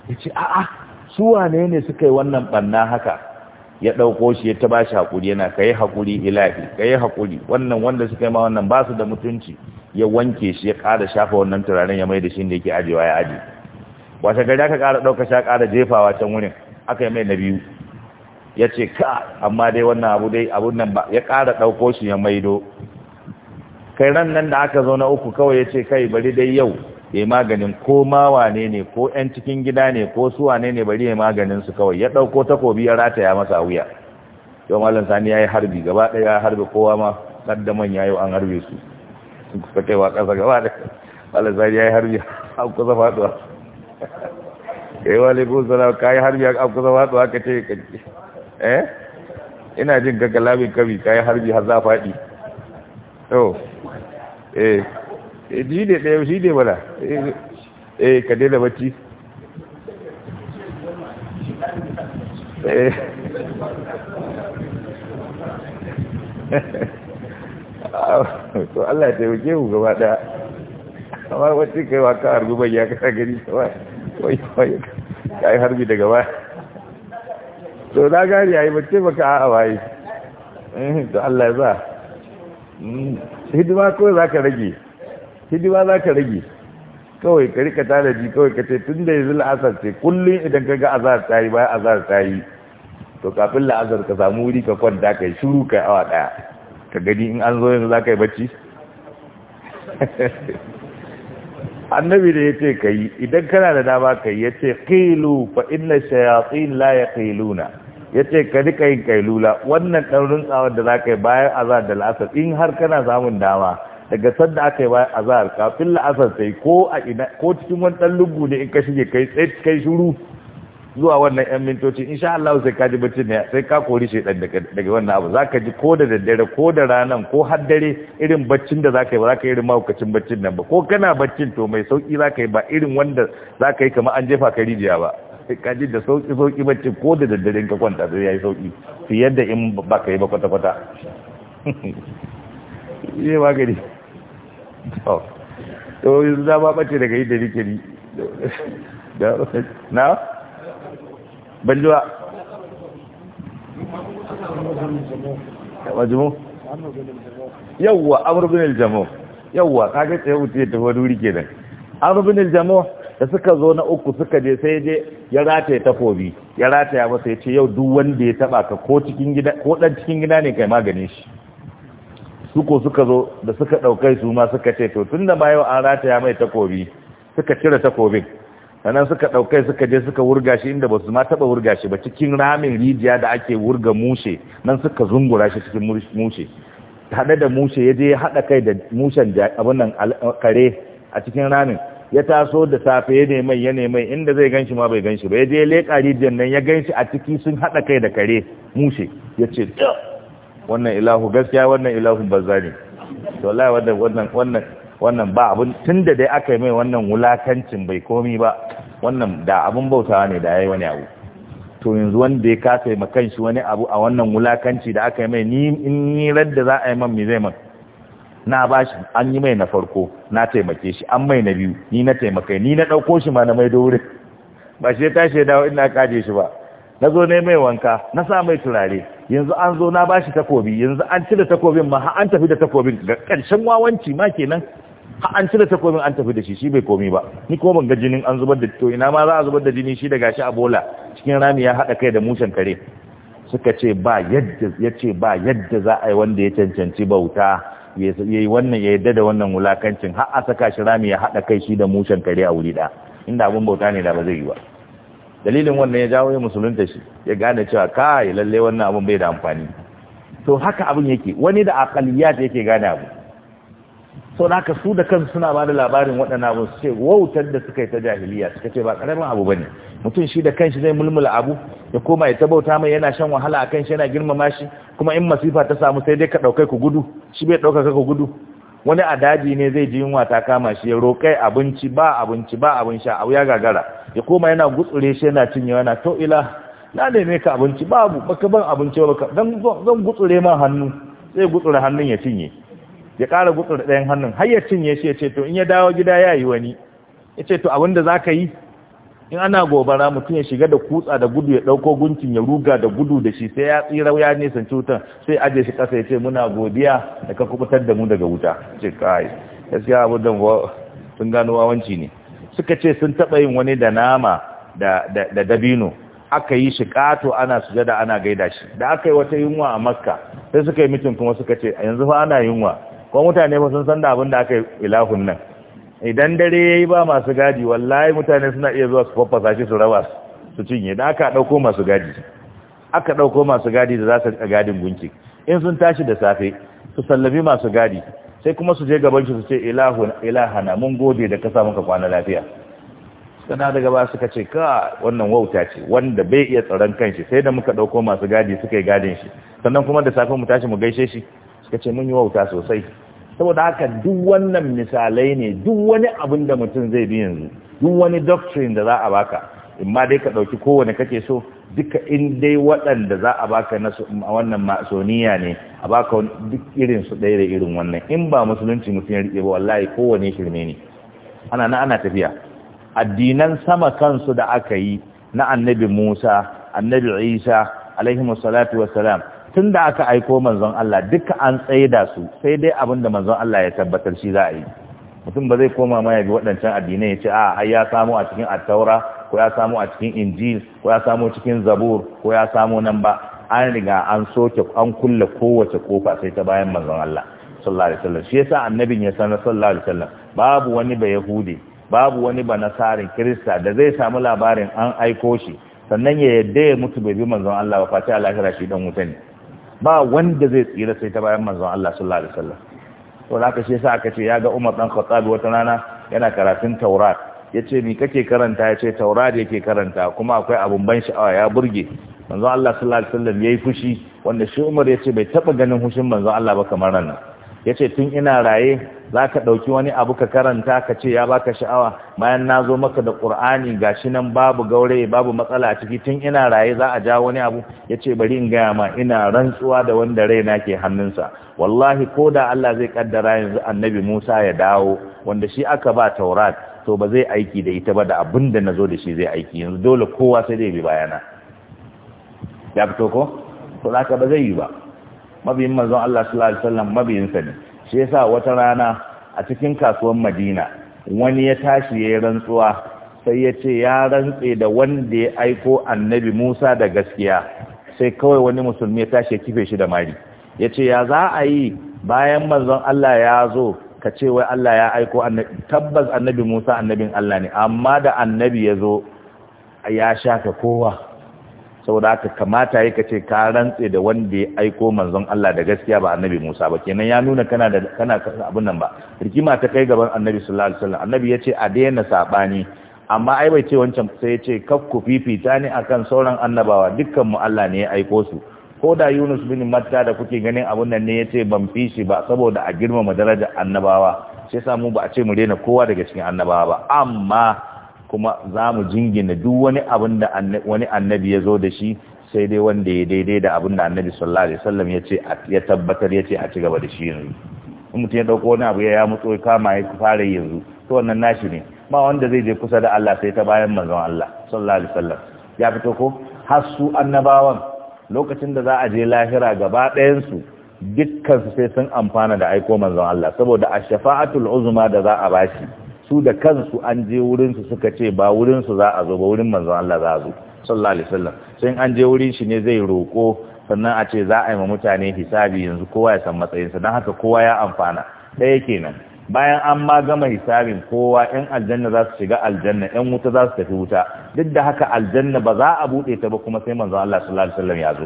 ya ce a'a su wane ne suka yi wannan banna haka ya ɗauko shi ya taba shi haƙuri yana ka yi haƙuri ilahi ka yi haƙuri wannan wanda suka yi ma wannan ba su da mutunci ya wanke shi ya ƙara shafa wannan turaren ya mai da shi da yake ajewa ya aje wata gari aka ƙara ɗauka shi ƙara jefawa can wurin aka yi mai na biyu ya ce ka amma dai wannan abu dai abun nan ba ya ƙara ɗauko shi ya maido kai ran nan da aka zo na uku kawai ya ce kai bari dai yau ya maganin ko ma wane ne ko ƴan cikin gida ne ko su wane ne bari ya maganin su kawai ya ɗauko takobi ya rataya masa wuya yau malam sani ya yi harbi gaba ɗaya ya harbi kowa ma ɗan da manya yau an harbe su sun kai kaiwa ƙasa gaba da malam sani ya yi harbi an kusa faɗuwa [laughs] kai wa laifin sana ka yi harbi an kusa faɗuwa ka ce eh ina jin gaggalamin kabi ka yi harbi har za faɗi to eh ji eh, ne dai shi ne mana eh, eh ka daina bacci eh [laughs] to Allah ya taimake mu gaba daya amma wacce kai wa ka harbi bai ya kasa gari wai wai kai harbi daga ba to na gari yi bace baka a'a wai eh to Allah ya za hidima kawai za ka rage hidima za ka rage kawai ka rika tanadi kawai ka ce tun da yanzu la'asar ce kullum idan ka ga azar ta yi bayan azar ta yi to kafin la'asar ka samu wuri ka kwanta ka yi shuru ka yi awa ɗaya ka gani in an zo yanzu za ka yi bacci [laughs] annabi da ya ce ka yi idan kana da dama ka yi ya ce ƙilu fa inna shayatsin la ya ƙiluna ya ce ka rika yin kailula wannan ɗan rintsawar da za ka yi bayan azar da la'asar in har kana samun dama daga sanda aka yi bayan azar kafin la'asar sai ko a ina ko cikin wani ɗan lugu ne in ka shige kai tsaye kai shuru zuwa wannan yan mintoci insha Allah sai ka ji bacci ne sai ka kori shi dan daga wannan abu zaka ji ko da daddare ko da ranan ko har dare irin baccin da zaka yi ba zaka yi irin mahaukacin baccin nan ba ko kana baccin to mai sauki zaka yi ba irin wanda zaka yi kamar an jefa ka rijiya ba ka ji da sauki sauki bacci ko da daddare ka kwanta sai yayi sauki fiye da in ba ka yi ba kwata kwata [laughs] yi ba gari to yanzu za ba bace daga yadda nake ni [laughs] na banjuwa wajimu yawwa amur bin aljamo yawwa kage tsaye wuce ta wani wuri kenan amur bin aljamo da suka zo na uku suka je sai je ya rataya takobi ya rataya masa ya ce yau duk wanda ya taba ka ko cikin gida ko dan cikin gida ne kai maganin shi su ko suka zo da suka daukai su ma suka ce to tunda ma yau an rataya mai takobi suka cire takobin sannan suka daukai suka je suka wurga shi inda ba su ma taba wurga shi ba cikin ramin rijiya da ake wurga mushe nan suka zungura shi cikin mushe hade da mushe ya je ya hada kai da mushen abin nan kare a cikin ramin ya taso da safe ya nemai ya nemai inda zai ganshi ma bai ganshi ba ya je leƙa rijiyar nan ya ganshi a ciki sun haɗa kai da kare mushe ya ce wannan ilahu gaskiya wannan ilahu banza ne to la wannan wannan wannan wannan ba abun tunda dai aka yi mai wannan wulakancin bai komi ba wannan da abun bautawa ne da yayi wani abu to yanzu wanda ya kasa yi makanshi wani abu a wannan wulakanci da aka yi mai ni in ni radda za a yi man me zai man na ba shi. an yi mai na farko na taimake shi an mai na biyu ni na taimake ni na ɗauko shi ma na mai dore [laughs] ba shi ta shi dawo ina kaje shi ba na zo ne mai wanka na sa mai turare yanzu an zo na ba shi takobi yanzu an cire takobin ma har an tafi da takobin ga ƙarshen wawanci ma kenan har an cire takobin an tafi da shi shi bai komi ba ni ko ban ga jinin an zubar da to ina ma za a zubar da jini shi da gashi a bola cikin rami ya haɗa kai da mushan kare suka ce ba yadda ce ba yadda za a yi wanda ya cancanci bauta ya yi wannan ya yadda da wannan wulakancin har a saka shi rami ya haɗa kai shi da mushen kare a wuri ɗaya inda abin bauta ne da ba zai yi ba dalilin wannan ya jawo ya musulunta shi ya gane cewa kai lalle wannan abin bai da amfani to haka abin yake wani da akaliyat yake gane abu sau da haka su da kansu suna ba da labarin waɗanda abu su ce wautar da suka yi ta jahiliya suka ce ba ƙaramin abu ba ne mutum shi da kanshi zai mulmula abu ya koma ya ta mai yana shan wahala a kanshi yana girmama shi kuma in masifa ta samu sai dai ka ɗaukai ku gudu shi bai ɗauka ku gudu wani adadi ne zai ji yunwa ta kama shi ya roƙai abinci ba abinci ba abin sha abu ya gagara ya koma yana gutsure shi yana cinye yana to ila na neme ka abinci babu baka ban abinci ba zan gutsure ma hannu sai gutsure hannun ya cinye ya ƙara gutsu da ɗayan hannun har ya ya ce to in ya dawo gida ya yi wani ya ce to abinda za ka yi in ana gobara mutum ya shiga da kutsa da gudu ya ɗauko guncin ya ruga da gudu da shi sai ya tsira ya nisan cutar sai aje shi ƙasa ya ce muna godiya da ka kubutar da mu daga wuta ce kai gaskiya abin da sun gano wawanci ne suka ce sun taɓa yin wani da nama da dabino aka yi shi ƙato ana sujada ana gaida shi da aka yi wata yunwa a makka sai suka yi mutum kuma suka ce yanzu fa ana yunwa ko mutane ba sun san da abin da aka yi ilahun nan idan dare yayi ba masu gadi wallahi mutane suna iya zuwa su faffasa shi su raba su cinye da aka dauko masu gadi aka dauko masu gadi da za su gadin gunki in sun tashi da safe su sallabi masu gadi sai kuma su je gaban shi su ce ilahun ilahana mun gode da ka samu ka kwana lafiya sana da gaba suka ce ka wannan wauta ce wanda bai iya tsaron kanshi sai da muka dauko masu gadi suka yi gadin shi sannan kuma da safe mu tashi mu gaishe shi suka ce mun yi wauta sosai saboda haka duk wannan misalai ne duk wani abin da mutum zai bi yanzu duk wani doctrine da za a baka in ma dai ka ɗauki kowane kake so duka in dai waɗanda za a baka na wannan masoniya ne a baka duk irin su ɗaya da irin wannan in ba musulunci mutum ya riƙe ba wallahi kowane shirme ne ana na ana tafiya addinan sama kansu da aka yi na annabi musa annabi isa alaihi salatu wassalam tun da aka aiko manzon Allah duka an da su sai dai abin da manzon Allah ya tabbatar shi za a yi mutum ba zai koma ma ya bi waɗancan addinai ya ce a ah, ai ya samu a cikin attaura ko ya samu a cikin injil ko ya samu cikin zabur ko ya samu nan ba an riga an soke an kulle kowace kofa sai ta bayan manzon Allah sallallahu alaihi wasallam shi yasa annabin ya sanar sallallahu alaihi wasallam babu wani ba yahudi babu wani ba nasarin kirista da zai samu labarin an aiko shi sannan ya yadda ya mutu bai bi manzon Allah ba face Allah ya shi dan wuta ne ba wanda zai tsira sai ta bayan manzon Allah sallallahu alaihi wasallam to haka shi yasa aka ce ya ga Umar dan Khattab wata rana yana karatun Taurat yace me kake karanta yace Taurat yake karanta kuma akwai abun ban sha'awa ya burge manzon Allah sallallahu alaihi wasallam yayi fushi wanda shi Umar yace bai taba ganin hushin manzon Allah ba kamar nan yace tun ina raye za ka ɗauki wani abu ka karanta ka ce ya baka sha'awa bayan na zo maka da ƙur'ani gashi nan babu gaure babu matsala a ciki tun ina raye za a ja wani abu ya ce bari in gaya ma ina rantsuwa da wanda raina ke hannunsa wallahi ko da Allah zai kaddara yanzu annabi Musa ya dawo wanda shi aka ba taurat to ba zai aiki da ita ba da abin da na zo da shi zai aiki yanzu dole kowa sai dai bi bayana ya fito ko to ba zai yi ba mabiyin manzon Allah sallallahu alaihi wasallam mabiyin sa ne shi yasa wata rana a cikin kasuwar madina wani ya tashi ya yi rantsuwa sai ya ce ya rantse da wanda ya aiko annabi musa da gaskiya sai kawai wani musulmi ya tashi ya kife shi da mari ya ce ya za a yi bayan manzon allah ya zo ka ce wai allah ya aiko annabi tabbas annabi musa annabin allah ne amma da annabi ya zo ya shafe kowa saboda haka kamata yake ce ka rantse da wanda ya aiko manzon Allah da gaskiya ba annabi Musa ba kenan ya nuna kana da kana abin nan ba rikima ta kai gaban annabi sallallahu alaihi wasallam annabi yace a daina sabani amma ai bai ce wancan sai yace kakku fifita ne akan sauran annabawa dukkan mu Allah ne ya aiko su ko da Yunus bin Matta da kuke ganin abun nan ne yace ban fi shi ba saboda a girmama darajar annabawa sai mu ba a ce mu daina kowa daga cikin annabawa ba amma kuma za mu jingina duk wani abin da wani annabi ya zo da shi sai dai wanda ya daidai da abin da annabi sallallahu alaihi wasallam ya ce ya tabbatar ya ce a ci gaba da shi yanzu in mutum ya dauko wani abu ya ya mutso ya kama ya fara yanzu to wannan nashi ne ba wanda zai je kusa da Allah sai ta bayan manzon Allah sallallahu alaihi wasallam ya fito ko har su annabawan lokacin da za a je lahira gaba ɗayan su dukkan su sai sun amfana da aiko manzon Allah saboda ash-shafa'atul uzma da za a bashi su da kansu an je wurinsu suka ce ba wurinsu za a zo ba wurin manzon Allah za a zo sallallahu alaihi wasallam sai an je wurin shi ne zai roko sannan a ce za a yi ma mutane hisabi yanzu kowa ya san sa dan haka kowa ya amfana ɗaya kenan bayan an ma gama hisabin kowa yan aljanna za su shiga aljanna yan wuta za su tafi wuta duk da haka aljanna ba za a buɗe ta ba kuma sai manzon Allah sallallahu alaihi wasallam ya zo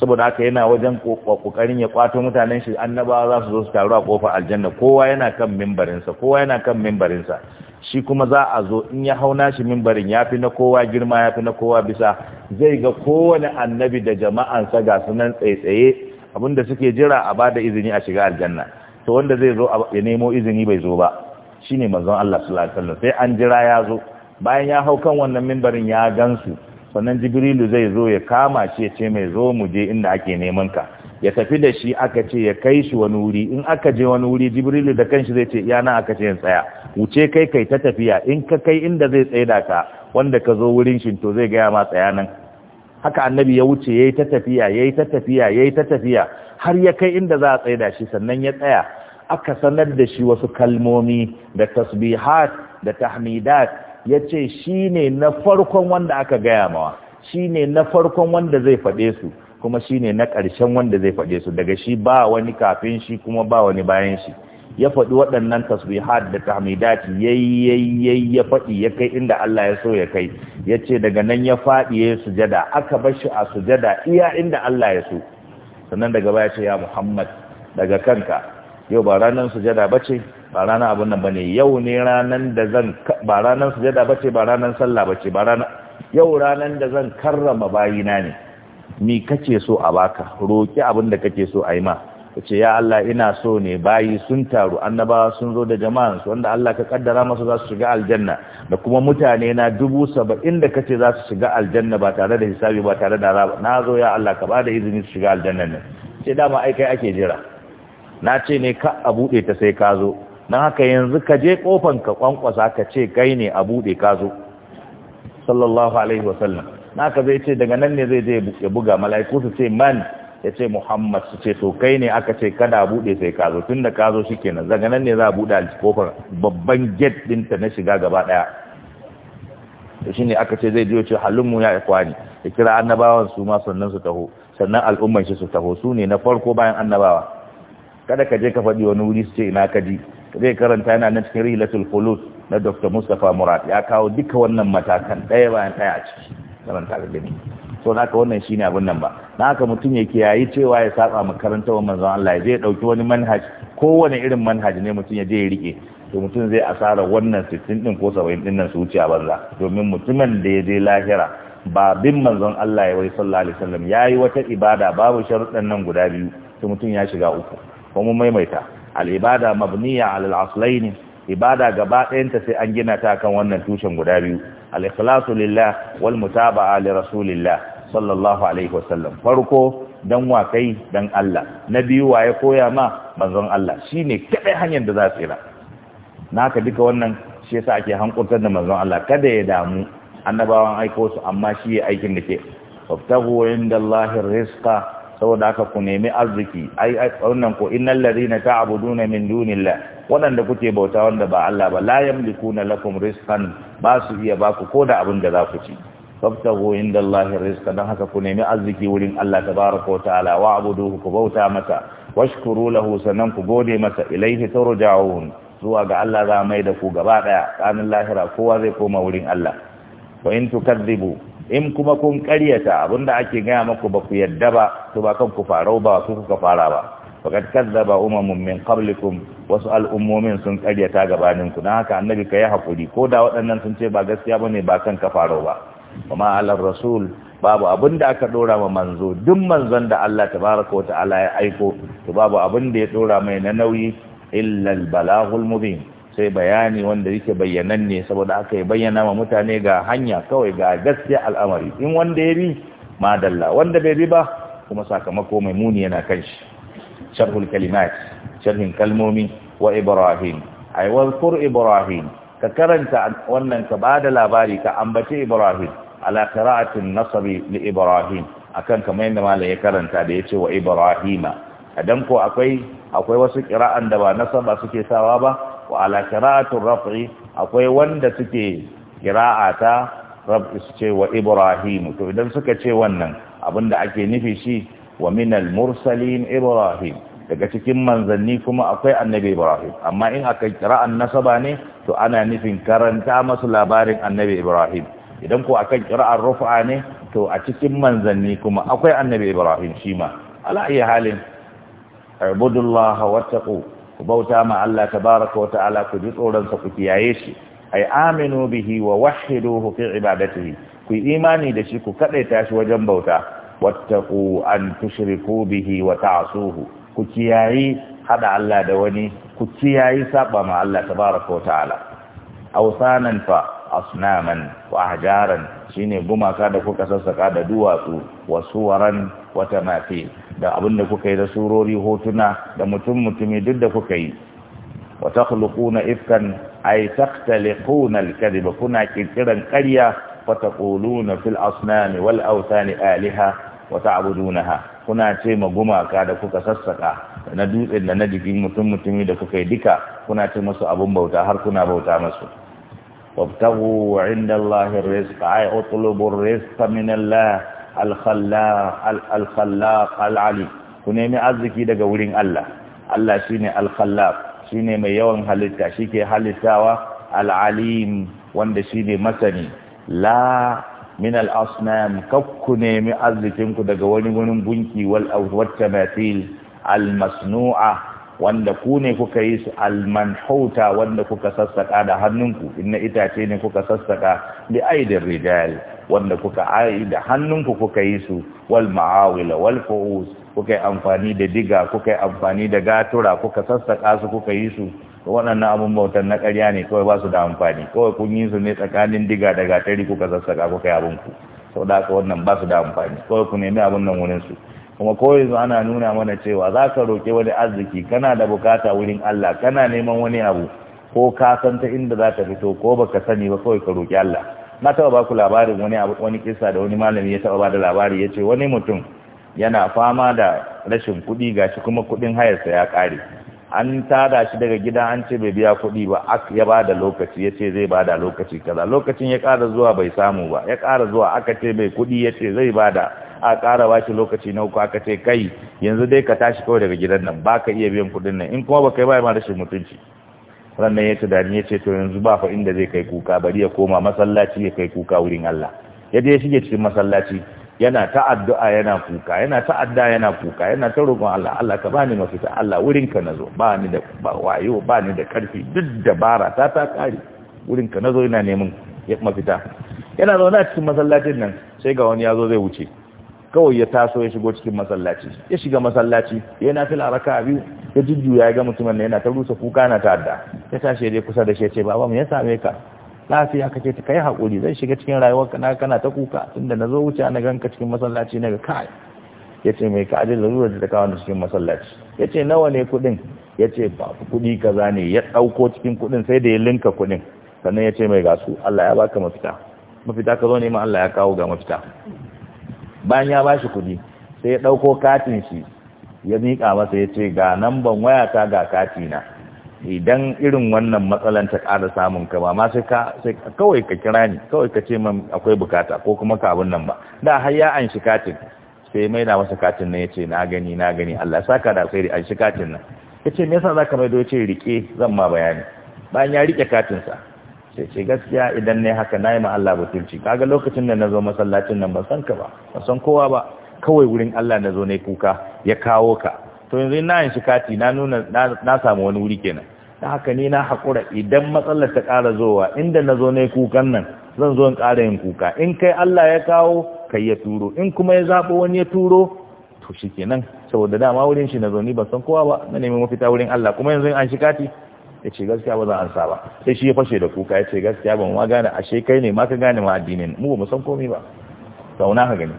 saboda haka yana wajen kokarin ya kwato mutanen shi annabawa za su zo su taru a kofar aljanna kowa yana kan mimbarinsa kowa yana kan mimbarinsa shi kuma za a zo in ya hauna shi mimbarin ya fi na kowa girma ya fi na kowa bisa zai ga kowane annabi da jama'ansa ga sunan tsaitsaye abinda suke jira a ba da izini a shiga aljanna to wanda zai zo ya nemo izini bai zo ba shine manzon Allah sallallahu alaihi wasallam sai an jira ya zo bayan ya hau kan wannan mimbarin ya gansu sannan jibrilu zai zo ya kama shi ce mai zo mu je inda ake neman ka ya tafi da shi aka ce ya kai shi wani wuri in aka je wani wuri jibrilu da kanshi zai ce yana aka ce tsaya wuce kai kai ta tafiya in ka kai inda zai tsaida ka wanda ka zo wurin shi to zai gaya ma tsaya nan haka annabi ya wuce yayi ta tafiya yayi ta tafiya yayi ta tafiya har ya kai inda za a tsaida shi sannan ya tsaya aka sanar da shi wasu kalmomi da tasbihat da tahmidat ya ce shi ne na farkon wanda aka gaya mawa shi ne na farkon wanda zai faɗe su kuma shi ne na ƙarshen wanda zai faɗe su daga shi ba wani kafin shi kuma ba wani bayan shi ya faɗi waɗannan tasbihat da tahmidati yayyayyay ya faɗi ya kai inda Allah ya so ya kai ya ce daga nan ya faɗi ya sujada aka bar shi a sujada iya inda Allah ya so sannan daga baya ce ya Muhammad daga kanka yau ba ranar sujada ba ce ba ranar abin nan bane yau ne ranar da zan ba ranar sujada bace ba ranar sallah bace ba ranar yau ranar da zan karrama bayina ne ni kace so a baka roki abin da kake so a yi ma kace ya Allah ina so ne bayi sun taru annabawa sun zo da jama'an su wanda Allah ka kaddara masa za su shiga aljanna da kuma mutane na dubu saba'in da kace za su shiga aljanna ba tare da hisabi ba tare da raba na zo ya Allah ka bada izini su shiga aljanna ne ce dama ai kai ake jira na ce ne ka a buɗe ta sai ka zo don haka yanzu ka je kofan ka kwankwasa ka ce kai ne a buɗe ka zo sallallahu alaihi wasallam ka zai ce daga nan ne zai je ya buga mala'iku su ce man ya ce muhammad su ce to kai ne aka ce kada buɗe sai ka tun da ka shi kenan daga nan ne za a buɗe kofar babban gate ɗinta na shiga gaba ɗaya da shi ne aka ce zai jiyo ce halinmu ya ikwani ya kira annabawan su ma sannan su taho sannan al'umman shi su taho su ne na farko bayan annabawa kada ka je ka faɗi wani wuri su ce ina ka ji zai karanta yana na cikin rihilatul khulud na Dr. Mustapha Murad ya kawo duka wannan matakan ɗaya bayan ɗaya a ciki karanta da gani so naka wannan shine abin nan ba na haka mutum yake yayi cewa ya saba mu karanta wa manzon Allah zai dauki wani manhaj kowane irin manhaj ne mutum ya je ya rike to mutum zai asara wannan sittin din ko 70 din nan su wuce a banza domin mutumin da ya je lahira ba bin manzon Allah ya wai sallallahu alaihi wasallam yayi wata ibada babu sharuɗan nan guda biyu to mutum ya shiga uku kuma maimaita al'ibada mabniya al'aslaini ibada gaba ɗayanta sai an gina ta kan wannan tushen guda biyu al'ikhlasu lillah wal mutaba'a li rasulillah sallallahu alaihi wasallam farko dan wa kai dan Allah na biyu waye koya ma manzon Allah shine kaɗai hanyar da za tsira naka duka wannan shi yasa ake hankurtar da manzon Allah kada ya damu annabawan aiko su amma shi ya aikin da ke wabtahu inda Allahir rizqa saboda haka ku nemi arziki ai wannan ko innal ladina ta'buduna min dunillah wadanda kuke bauta wanda ba Allah ba la yamlikuna lakum rizqan ba su iya ba ku koda abin da za ku ci fabtahu indallahi rizqa dan haka ku nemi arziki wurin Allah tabaraka wa ta'ala wa'buduhu ku bauta masa washkuru lahu sanan ku gode masa ilaihi turja'un zuwa ga Allah za mai da ku gaba daya ranar lahira kowa zai koma wurin Allah wa in tukazzibu in kuma kun karyata abinda ake gaya maku ba ku yadda ba to ba kan ku farau ba kuka fara ba faqad kadzaba umamun min qablikum wasu al'ummomin sun karyata gabanin ku dan haka annabi kai hakuri ko da waɗannan sun ce ba gaskiya ne ba kan ka farau ba kuma alar rasul babu abinda aka dora ma manzo duk manzon da Allah tabaraka wa ta'ala ya aiko to babu da ya dora mai na nauyi illa al balaghul mubin sai bayani wanda yake ne saboda aka yi bayyana ma mutane ga hanya kawai ga gaskiya al'amari in wanda ya bi madalla wanda bai bi ba kuma sakamako mai muni yana kan shi sharhul kalimat sharhin kalmomi wa ibrahim ai wazkur ibrahim ka karanta wannan ka bada labari ka ambace ibrahim ala qira'atin nasabi li ibrahim akan kamar yadda malai ya karanta da yace wa ibrahima adan ko akwai akwai wasu qira'an da ba nasaba suke sawa ba wa ala qira'atul raf'i akwai wanda suke qira'a ta rabbi su ce wa ibrahim to idan suka ce wannan abinda ake nufi shi wa minal mursalin ibrahim daga cikin manzanni kuma akwai annabi ibrahim amma in aka kira'an nasaba ne to ana nufin karanta masu labarin annabi ibrahim idan ko akan qira'ar rufa ne to a cikin manzanni kuma akwai annabi ibrahim shi ma ala ayi halin ibudullaha wattaqu ku bauta ma Allah tabaraka wata'ala ku ji tsoronsa ku kiyaye shi ay aminu bihi wa wahhiduhu fi ibadatihi ku imani da shi ku kadaita shi wajen bauta wattaqu an tushriku bihi wa ta'suhu ku kiyaye hada Allah da wani ku kiyaye saba ma Allah tabaraka wata'ala awsanan fa asnaman wa ahjaran shine gumaka da kuka sassaka da duwatsu wasu waran wata da abinda kuka yi da surori hotuna da mutum mutumi duk da kuka yi wa takhluquna ifkan ay taktaliquna al kuna kirkiran ƙarya wa taquluna fil asnam wal awthan aliha wa ta'budunaha kuna ce ma gumaka da kuka sassaka na dutsen da na jikin mutum mutumi da kuka yi duka kuna ce musu abun bauta har kuna bauta musu وابتغوا عند الله الرزق أي اطلبوا الرزق من الله الخلاق الخلاق العليم كنيمي أرزكي دقا ورين الله الله شيني الخلاق شيني ميوان هلتا شيكي هلتاوى العليم وند شيني مسني لا من الأصنام كنيمي أرزكي دقا ورين ونبنكي والتماثيل المصنوعة wanda ku ne kuka yi su almanhauta wanda kuka sassaka da hannunku inna itace ne kuka sassaka bi aidin rijal wanda kuka ai da hannunku kuka yi su wal ma'awila wal qu'us kuka yi amfani da diga kuka yi amfani da gatura kuka sassaka su kuka yi su waɗannan abun bautan na ƙarya ne kawai ba su da amfani kawai kun yi su ne tsakanin diga da gatari kuka sassaka kuka yi abinku sau da aka wannan ba su da amfani kawai ku nemi abun nan wurin su kuma ko yanzu ana nuna mana cewa za ka roƙi wani arziki kana da bukata wurin Allah kana neman wani abu ko ka san ta inda za ta fito ko ba ka sani ba kawai ka roƙi Allah na taɓa ba ku labarin wani abu wani kisa da wani malami ya taɓa ba da labari ya ce wani mutum yana fama da rashin kuɗi gashi kuma kuɗin hayarsa ya ƙare an tada shi daga gida an ce bai biya kuɗi ba ak ya ba da lokaci ya ce zai ba da lokaci kaza lokacin ya ƙara zuwa bai samu ba ya ƙara zuwa aka ce bai kuɗi ya ce zai ba da a ƙara ba shi lokaci na uku aka ce kai yanzu dai ka tashi kawai daga gidan nan ba ka iya biyan kuɗin nan in kuma ba kai ba ma rashin mutunci sannan ya ce da ya ce to yanzu ba fa inda zai kai kuka bari ya koma masallaci ya kai kuka wurin Allah ya je ya shige cikin masallaci yana ta addu'a yana kuka yana ta adda yana kuka yana ta roƙon Allah Allah ka bani mafita Allah wurin ka nazo ba ni da wayo ba ni da karfi duk dabara ta ta kare wurin ka nazo ina neman mafita yana zaune a cikin masallacin nan sai ga wani ya zo zai wuce kawai ya taso ya shigo cikin masallaci ya shiga masallaci Ya na fila raka biyu ya jujju ya ga mutumin na yana ta rusa kuka na ta'adda ya tashi ya kusa da shi ya ce baba mu ya same ka lafiya ka ce ta kai haƙuri zai shiga cikin rayuwar na kana ta kuka tunda na zo wuce na ganka cikin masallaci na ga kai ya ce mai kaji lalurar da kawo cikin masallaci ya ce nawa ne kuɗin ya ce ba kuɗi kaza ne ya ɗauko cikin kuɗin sai da ya linka kuɗin sannan ya ce mai gasu Allah ya baka mafita mafita ka zo ne ma Allah ya kawo ga mafita bayan ya ba shi kuɗi sai ya ɗauko katin shi ya miƙa masa ya ce ga waya wayata ga katina idan irin wannan matsalan ta ƙara samun ka ba ma sai kawai ka kira ni kawai ka ce man akwai bukata ko kuma ka nan ba da har ya an shi katin sai mai na masa katin nan ya ce na gani na gani Allah saka da sai an shi katin nan ya ce me yasa zaka mai do ce rike zan ma bayani bayan ya rike katinsa. sai ce gaskiya idan ne haka na yi ma Allah butulci kaga lokacin da na zo masallacin nan ba san ka ba ba san kowa ba kawai wurin Allah na zo na kuka ya kawo ka to yanzu na yin shi kati na nuna na samu wani wuri kenan da haka ni na haƙura idan matsalar ta ƙara zowa inda na zo ne kukan nan zan zo in ƙara yin kuka in kai Allah ya kawo kai ya turo in kuma ya zaɓo wani ya turo to shi kenan saboda dama wurin shi na zo ni ba san kowa ba na nemi mafita wurin Allah kuma yanzu an shi kati ya ce gaskiya ba zan ansa ba sai shi ya fashe da kuka ya ce gaskiya ban wa gane ashe kai ne ma ka gane ma addinin mu ba mu san komai ba kauna ka gani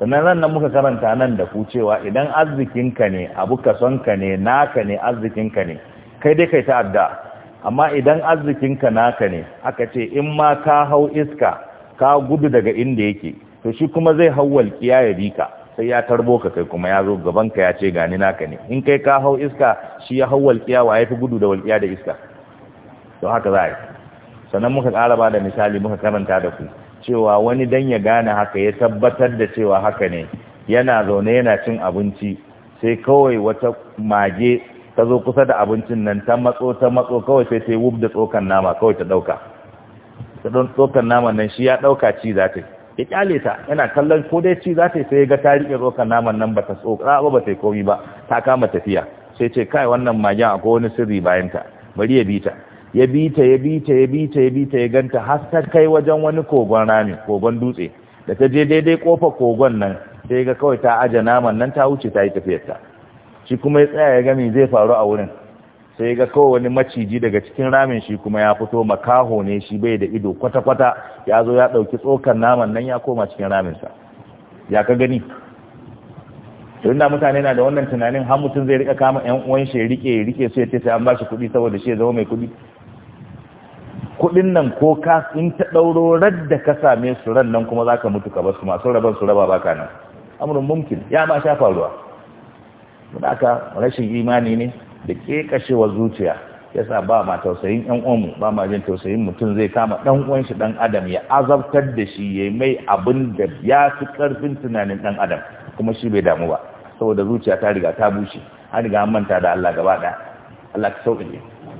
sannan nan nan muka karanta nan da ku cewa idan arzikin ka ne abu ka son ka ne naka ne arzikinka ne kai dai kai ta adda amma idan arzikinka naka ne aka ce in ma ka hau iska ka gudu daga inda yake to shi kuma zai hau kiyaye ya bi ka sai ya tarbo ka kai kuma ya zo gaban ka ya ce gani naka ne in kai ka hau iska shi ya hau walƙiya wa ya fi gudu da walƙiya da iska to haka za a yi sannan muka ƙara ba da misali muka karanta da ku cewa wani dan ya gane haka ya tabbatar da cewa haka ne yana zaune yana cin abinci sai kawai wata mage ta zo kusa da abincin nan ta matso ta matso kawai sai ta wub da tsokan nama kawai ta ɗauka ta tsokan nama nan shi ya ɗauka ci za ta yi ya kyale ta yana kallon ko dai ci za ta yi sai ga tarihin rokan naman nan ba ta tsokara ba ba ta yi komi ba ta kama tafiya sai ce kai wannan magen a wani sirri bayan ta bari ya bi ta ya bi ta ya bi ta ya bi ta ya bi ta ya ganta har kai wajen wani kogon rami kogon dutse da ta je daidai kofar kogon nan sai ga kawai ta aje naman nan ta wuce ta yi tafiyarta shi kuma ya tsaya ya gami zai faru a wurin sai ga kawai wani maciji daga cikin ramin shi kuma ya fito makaho ne shi bai da ido kwata-kwata ya zo ya ɗauki tsokar naman nan ya koma cikin raminsa ya ka gani tun da mutane na da wannan tunanin har mutum zai rika kama yan uwan shi rike rike su ya ce sai an ba shi kuɗi saboda shi ya zama mai kuɗi kuɗin nan ko ka in ta ɗauro da ka same su ran nan kuma zaka mutu ka basu masu raban su raba baka nan amurin mumkin ya ma sha faruwa don haka rashin imani ne da wa zuciya yasa ba ma tausayin yan uwanmu ba ma jin tausayin mutum zai kama dan uwan shi dan adam ya azabtar da shi yayi mai abin da ya fi karfin tunanin dan adam kuma shi bai damu ba saboda zuciya ta riga ta bushe an riga an manta da Allah gaba daya Allah ka sauke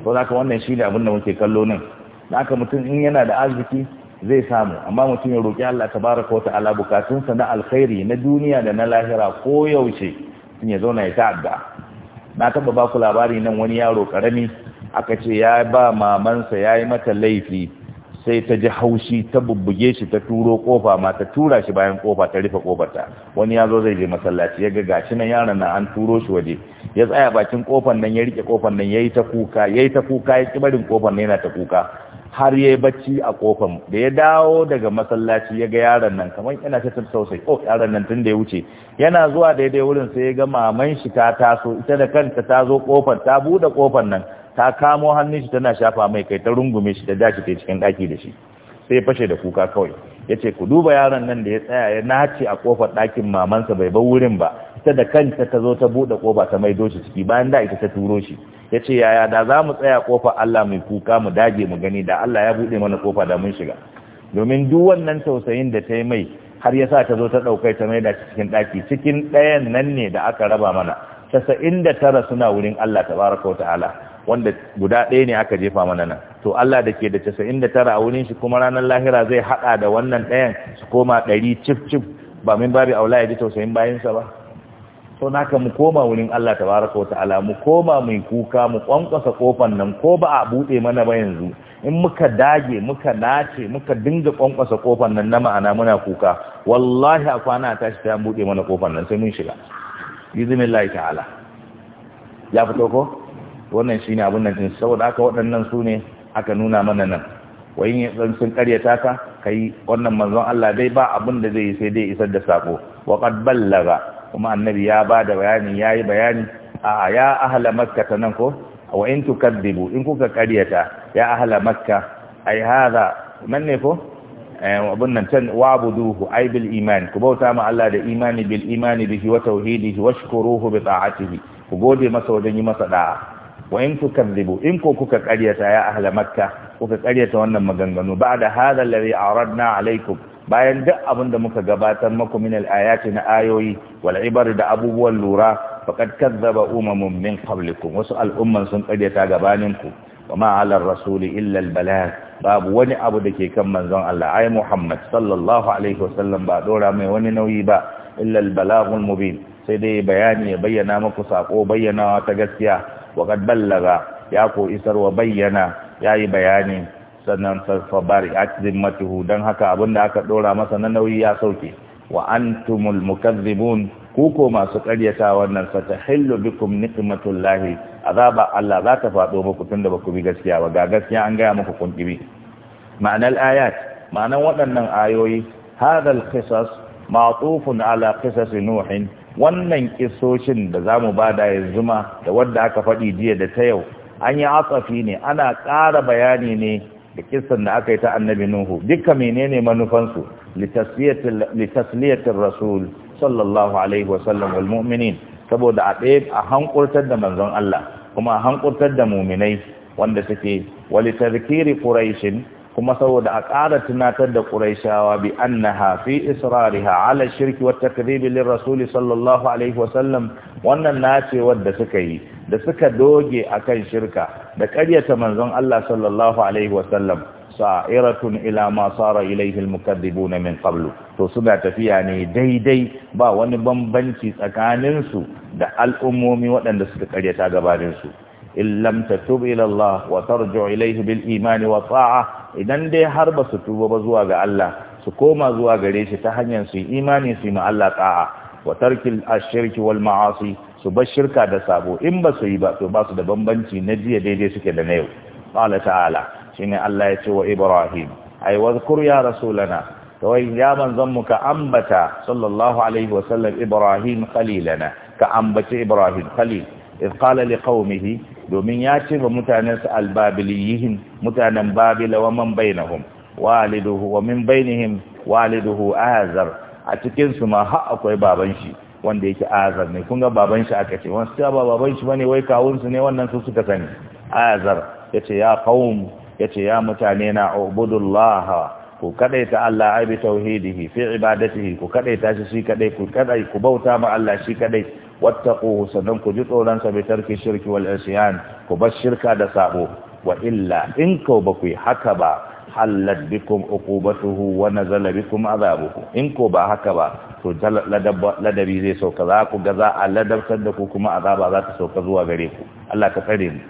to zaka wannan shi da abin da muke kallo nan da aka mutum in yana da arziki zai samu amma mutum ya roki Allah tabaraka wa ta'ala bukatunsa na alkhairi na duniya da na lahira ko yaushe ya zauna ya ta'adda. na taba ba ku labari nan wani yaro karami aka ce ya ba mamansa ya yi mata laifi sai ta ji haushi ta bubbuge shi ta turo kofa ma ta tura shi bayan kofa ta rufe kofarta wani ya zo zai je masallaci ya ga gashi nan yaron na an turo shi waje ya tsaya bakin kofar nan ya rike kofar nan yayi ta kuka yayi ta kuka ya ki barin kofar nan yana ta kuka har yayi bacci a kofar da ya dawo daga masallaci ya ga yaron nan kamar yana ta sosai oh yaron nan tun da ya wuce yana zuwa daidai wurin sai ya ga maman shi ta taso ita da kanta ta zo kofar ta bude kofar nan ta kamo hannun shi tana shafa mai kai ta rungume shi da dace ta cikin daki da shi sai fashe da kuka kawai yace ku duba yaron nan da ya tsaya ya nace a kofar ɗakin mamansa bai bar wurin ba ita da kanta ta zo ta buɗe kofa ta maido shi ciki bayan da ita ta turo shi ya ce yaya da za mu tsaya kofa Allah mai kuka mu dage mu gani da Allah ya buɗe mana kofa da mun shiga domin duk wannan tausayin da ta yi mai har ya sa ta zo ta ɗaukai ta mai da cikin ɗaki cikin ɗayan nan ne da aka raba mana tasa'in da tara suna wurin Allah baraka wa ta'ala wanda guda ɗaya ne aka jefa mana nan to Allah da ke da casa'in da tara a wurin shi kuma ranar lahira zai haɗa da wannan ɗayan su koma ɗari cif cif ba min babi aula ya ji tausayin bayansa ba so naka mu koma wurin Allah tabaraka wa ta'ala mu koma mai kuka mu kwankwasa kofan nan ko ba a bude mana ba yanzu in muka dage muka nace muka dinga kwankwasa kofan nan na ma'ana muna kuka wallahi a kwana ta shi ta bude mana kofan nan sai mun shiga biznillahi ta'ala ya fito ko wannan shine abin nan din saboda haka waɗannan su ne aka nuna mana nan wayin dan sun karyata ka kai wannan manzon Allah dai ba abun da zai yi sai dai isar da sako wa qad ballaga kuma annabi ya ba da bayani ya yi bayani a ya ahala makka ta nan ko wa in tukaddibu in kuka karyata ya ahala makka ai hada, man ne ko eh, abun nan can wa'buduhu ai bil iman ku bauta ma Allah da imani bil imani bihi wa tauhidihi washkuruhu bi ta'atihi ku gode masa wajen yi masa da'a wa in tukaddibu in ko kuka karyata ya ahala makka kuka karyata wannan maganganu ba'da hadha alladhi aradna alaikum bayan duk abin da muka gabatar maku min al-ayati na ayoyi wal ibar da abubuwan lura faqad kazzaba umamun min qablikum wasu al'umman sun karyata gabanin ku wa 'ala ar-rasuli illa al-balagh babu wani abu da ke kan manzon Allah ai Muhammad sallallahu alaihi wasallam ba dora mai wani nauyi ba illa al-balaghul mubin sai dai bayani ya bayyana muku sako bayyanawa ta gaskiya wa qad ballaga ya ko isar wa bayyana yayi bayani sannan fabari zimmatuhu don haka abinda aka dora masa na nauyi ya sauke wa antumul mukazzibun ku ko masu karyata wannan fatahillu bikum ni'matullahi azaba Allah za ta faɗo muku ba baku bi gaskiya ba ga gaskiya an gaya muku kun kibi ma'anar ayat ma'anar waɗannan ayoyi hadal qisas ma'tufun ala qisas nuh wannan kisoshin da zamu bada yanzu ma da wadda aka faɗi jiya da ta yau an yi asafi ne ana ƙara bayani ne da kissan da aka yi ta annabi nuhu duka menene manufansu litasliyatin rasul sallallahu alaihi wasallam wal saboda a ɗaya a hankurtar da manzon Allah kuma a hankultar da muminai wanda suke walitarkiri quraishin kuma saboda a ƙara tunatar da Qurayshawa bi annaha fi israriha ala shirki wata takdhibi rasuli sallallahu alaihi wannan nace wadda suka yi da suka doge a kan shirka da ƙaryata manzon Allah sallallahu alaihi wa sa'iratun ila ma sara ilaihi al na min qablu to suna tafiya ne daidai ba wani bambanci tsakaninsu da al'ummomi waɗanda suka ƙaryata gabaninsu in lam tatub ila Allah wa tarju ilayhi bil imani wa ta'a idan dai har ba su tuba ba zuwa ga Allah su koma zuwa gare shi ta hanyar su imani su ma Allah ta'a wa tarkil ashirki wal ma'asi su bar shirka da sabo in ba su yi ba to ba su da bambanci na jiya daidai suke da na yau qala ta'ala shine Allah ya ce wa Ibrahim ai wadhkur ya rasulana kawai ya manzon mu ka ambata sallallahu alaihi sallam ibrahim khalilana ka ambace ibrahim khalil idh qala domin ya ce ba mutanensu albabiliyihin mutanen babila wa man bainahum waliduhu wa min bainihim waliduhu azar a cikin su ma har akwai baban shi wanda yake azar ne kun ga baban shi aka ce wasu ba baban shi bane wai kawun su ne wannan su suka sani azar yace ya qaum yace ya mutane na ubudullah ku kadaita Allah ai bi tauhidihi fi ibadatihi ku kadaita shi shi kadai ku kadai ku bauta ma Allah shi kadai Wata sannan ku ji tsoron sa bi tarki shirki wal isyan ku bar shirka da sabo wa illa in ko ba ku haka ba hallat bikum uqubatuhu wa nazala bikum in ko ba haka ba to ladabi zai sauka za ku ga za a ladabtar da ku kuma azaba za ta sauka zuwa gare ku Allah ka tsare mu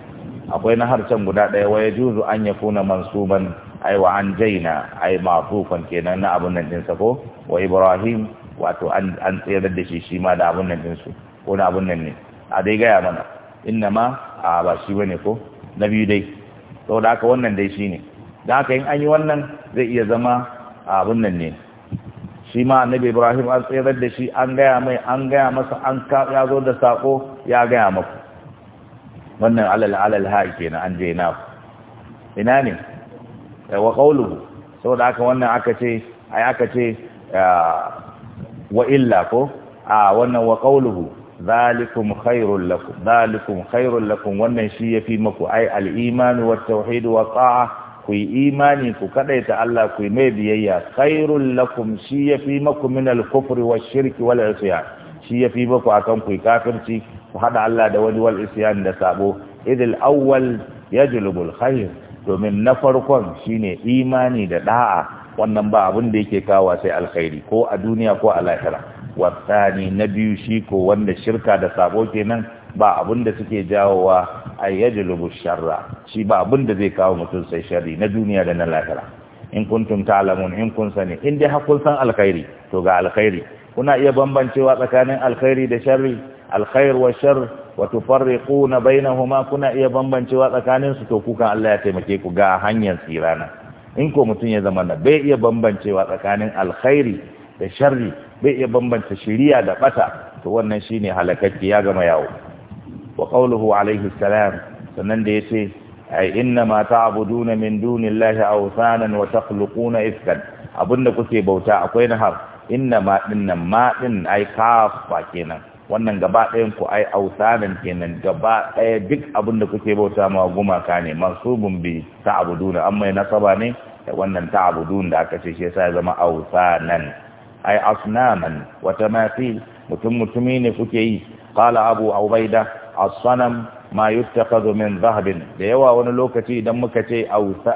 akwai na harshen guda ɗaya waya juzu, an yakuna mansuban ai wa an jaina ai mafufan kenan na abun nan din sa ko wa ibrahim wato an an tsayar da shi shi ma da abun nan din su ko na abun nan ne a dai gaya mana inna ma a ba shi bane ko na biyu dai saboda haka wannan dai shine da haka in an yi wannan zai iya zama abun nan ne shi ma annabi Ibrahim an tsayar da shi an gaya mai an gaya masa an ka ya zo da sako ya gaya maku wannan alal alal ha kenan an je na ina ne wa qawluhu saboda haka wannan aka ce ai aka ce wa illa ko a wannan wa qawluhu zalikum khairul lakum zalikum wannan shi yafi maku ai al-iman wa wa ta'a ku imani ku kadaita Allah ku mai biyayya khairul lakum shi yafi maku min al-kufr wa shirki wal isyan shi yafi maku akan ku kafirci ku hada Allah da wani wal isyan da sabo idil awwal yajlubu al-khair domin na farkon shine imani da da'a wannan ba abun da yake kawo sai alkhairi ko a duniya ko a lahira wasani na biyu shi ko wanda shirka da sabo kenan ba abin da suke jawowa a yajlubu sharra shi ba abunda zai kawo mutum sai sharri na duniya da na lahira in kuntum ta'lamun in kun sani in dai hakun san alkhairi to ga alkhairi kuna iya bambancewa tsakanin alkhairi da sharri alkhair wa shar wa tufarriquna bainahuma kuna iya bambancewa tsakanin su to kukan Allah ya taimake ku ga hanyar tsirana in ko mutum ya zama na bai iya bambancewa tsakanin alkhairi da sharri bai iya bambanta shiriya da bata to wannan shine halakakki ya gama yawo wa qawluhu alaihi salam sannan da yace ai inna ma ta'buduna min dunillahi awsanan wa takhluquna iskan abinda kuke bauta akwai har inna ma dinnan ma din ai kafa kenan wannan gaba ɗayan ku ai awsanan kenan gaba ɗaya duk abinda kuke bauta ma gumaka ne mansubun bi ta'buduna amma nasaba ne da wannan ta'budun da aka ce shi yasa ya zama awsanan ai asnaman wa tamathil mutum mutumi ne kuke yi qala abu ubaida as-sanam ma yuttaqadu min zahabin? da yawa wani lokaci idan muka ce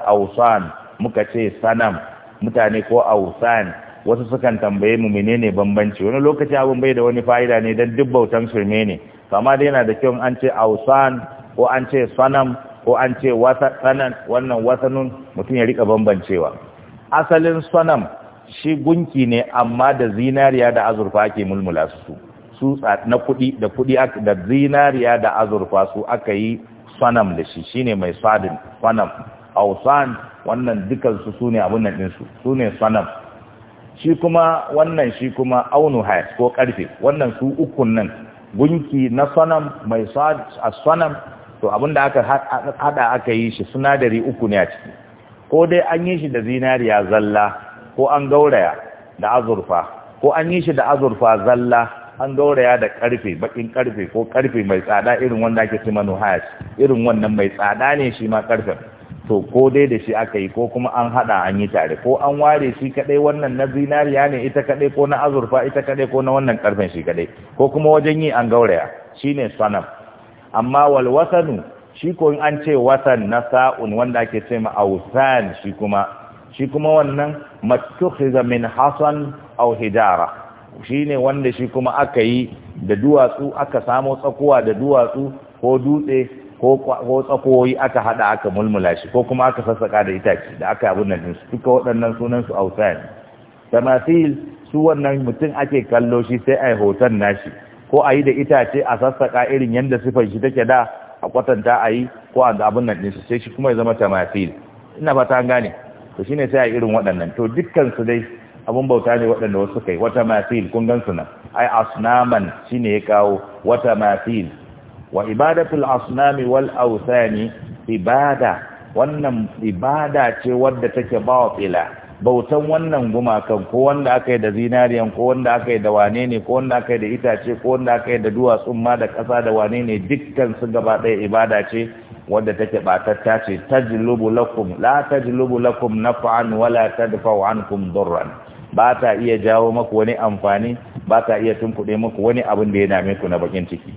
ausan muka ce sanam mutane ko ausan wasu sukan tambaye mu menene bambanci wani lokaci abin bai da wani fa'ida ne dan duk bautan surme ne kama dai yana da kyau an ce ausan ko an ce sanam ko an ce wasanan wannan wasanun mutum ya rika bambancewa asalin sanam shi gunki ne amma da zinariya da azurfa ake mulmula su su na kudi da kudi da zinariya da azurfa su aka yi sanam da shi shine mai sadin sanam ausan wannan dukan su ne abin nan ɗinsu su ne sanam shi kuma wannan shi kuma aunu hay ko ƙarfe wannan su ukun nan gunki na sanam mai sanam to abinda aka hada aka yi shi sunadari uku ne a ciki ko dai an yi shi da zinariya zalla ko an gauraya da azurfa ko an yi shi da azurfa zalla an gauraya da karfe bakin karfe ko karfe mai tsada irin wanda ake cima nuhash irin wannan mai tsada ne shi ma karfe to ko dai da shi aka yi ko kuma an hada an yi tare ko an ware shi kadai wannan na zinariya ne ita kadai ko na azurfa ita kadai ko na wannan karfen shi kadai ko kuma wajen yi an gauraya shine sanam amma wal wasanu shi ko an ce wasan na wanda ake ce ma ausan shi kuma shi kuma wannan matukhiza min hasan aw hijara shine wanda shi kuma aka yi da duwatsu aka samo tsakuwa da duwatsu ko dutse ko tsakoyi aka hada aka mulmula shi ko kuma aka sassaka da itace da aka abun nan su duka waɗannan sunan su ausan tamasil su wannan mutum ake kallo shi sai ai hoton nashi ko a yi da itace a sassaka irin yadda sifar shi take da a kwatanta ayi ko a abun nan sai shi kuma ya zama tamasil ina fata ta gane to shine sai a irin waɗannan to dukkan su dai abun bauta ne waɗanda wasu kai wata mafil kun gan su nan ai asnaman shine ya kawo wata mafil wa ibadatul asnami wal awthani ibada wannan ibada ce wadda take ba wa fila. bautan wannan gumakan ko wanda aka yi da zinariyan ko wanda aka yi da wane ne ko wanda aka yi da itace ko wanda aka yi da duwatsun ma da ƙasa da wane ne dukkan su gaba ɗaya ibada ce wadda take batatta ce tajlubu lakum la tajlubu lakum naf'an wala tadfa'u ankum darran ba ta iya jawo maku wani amfani ba ta iya tunkuɗe maku wani abin da ya dame ku na bakin ciki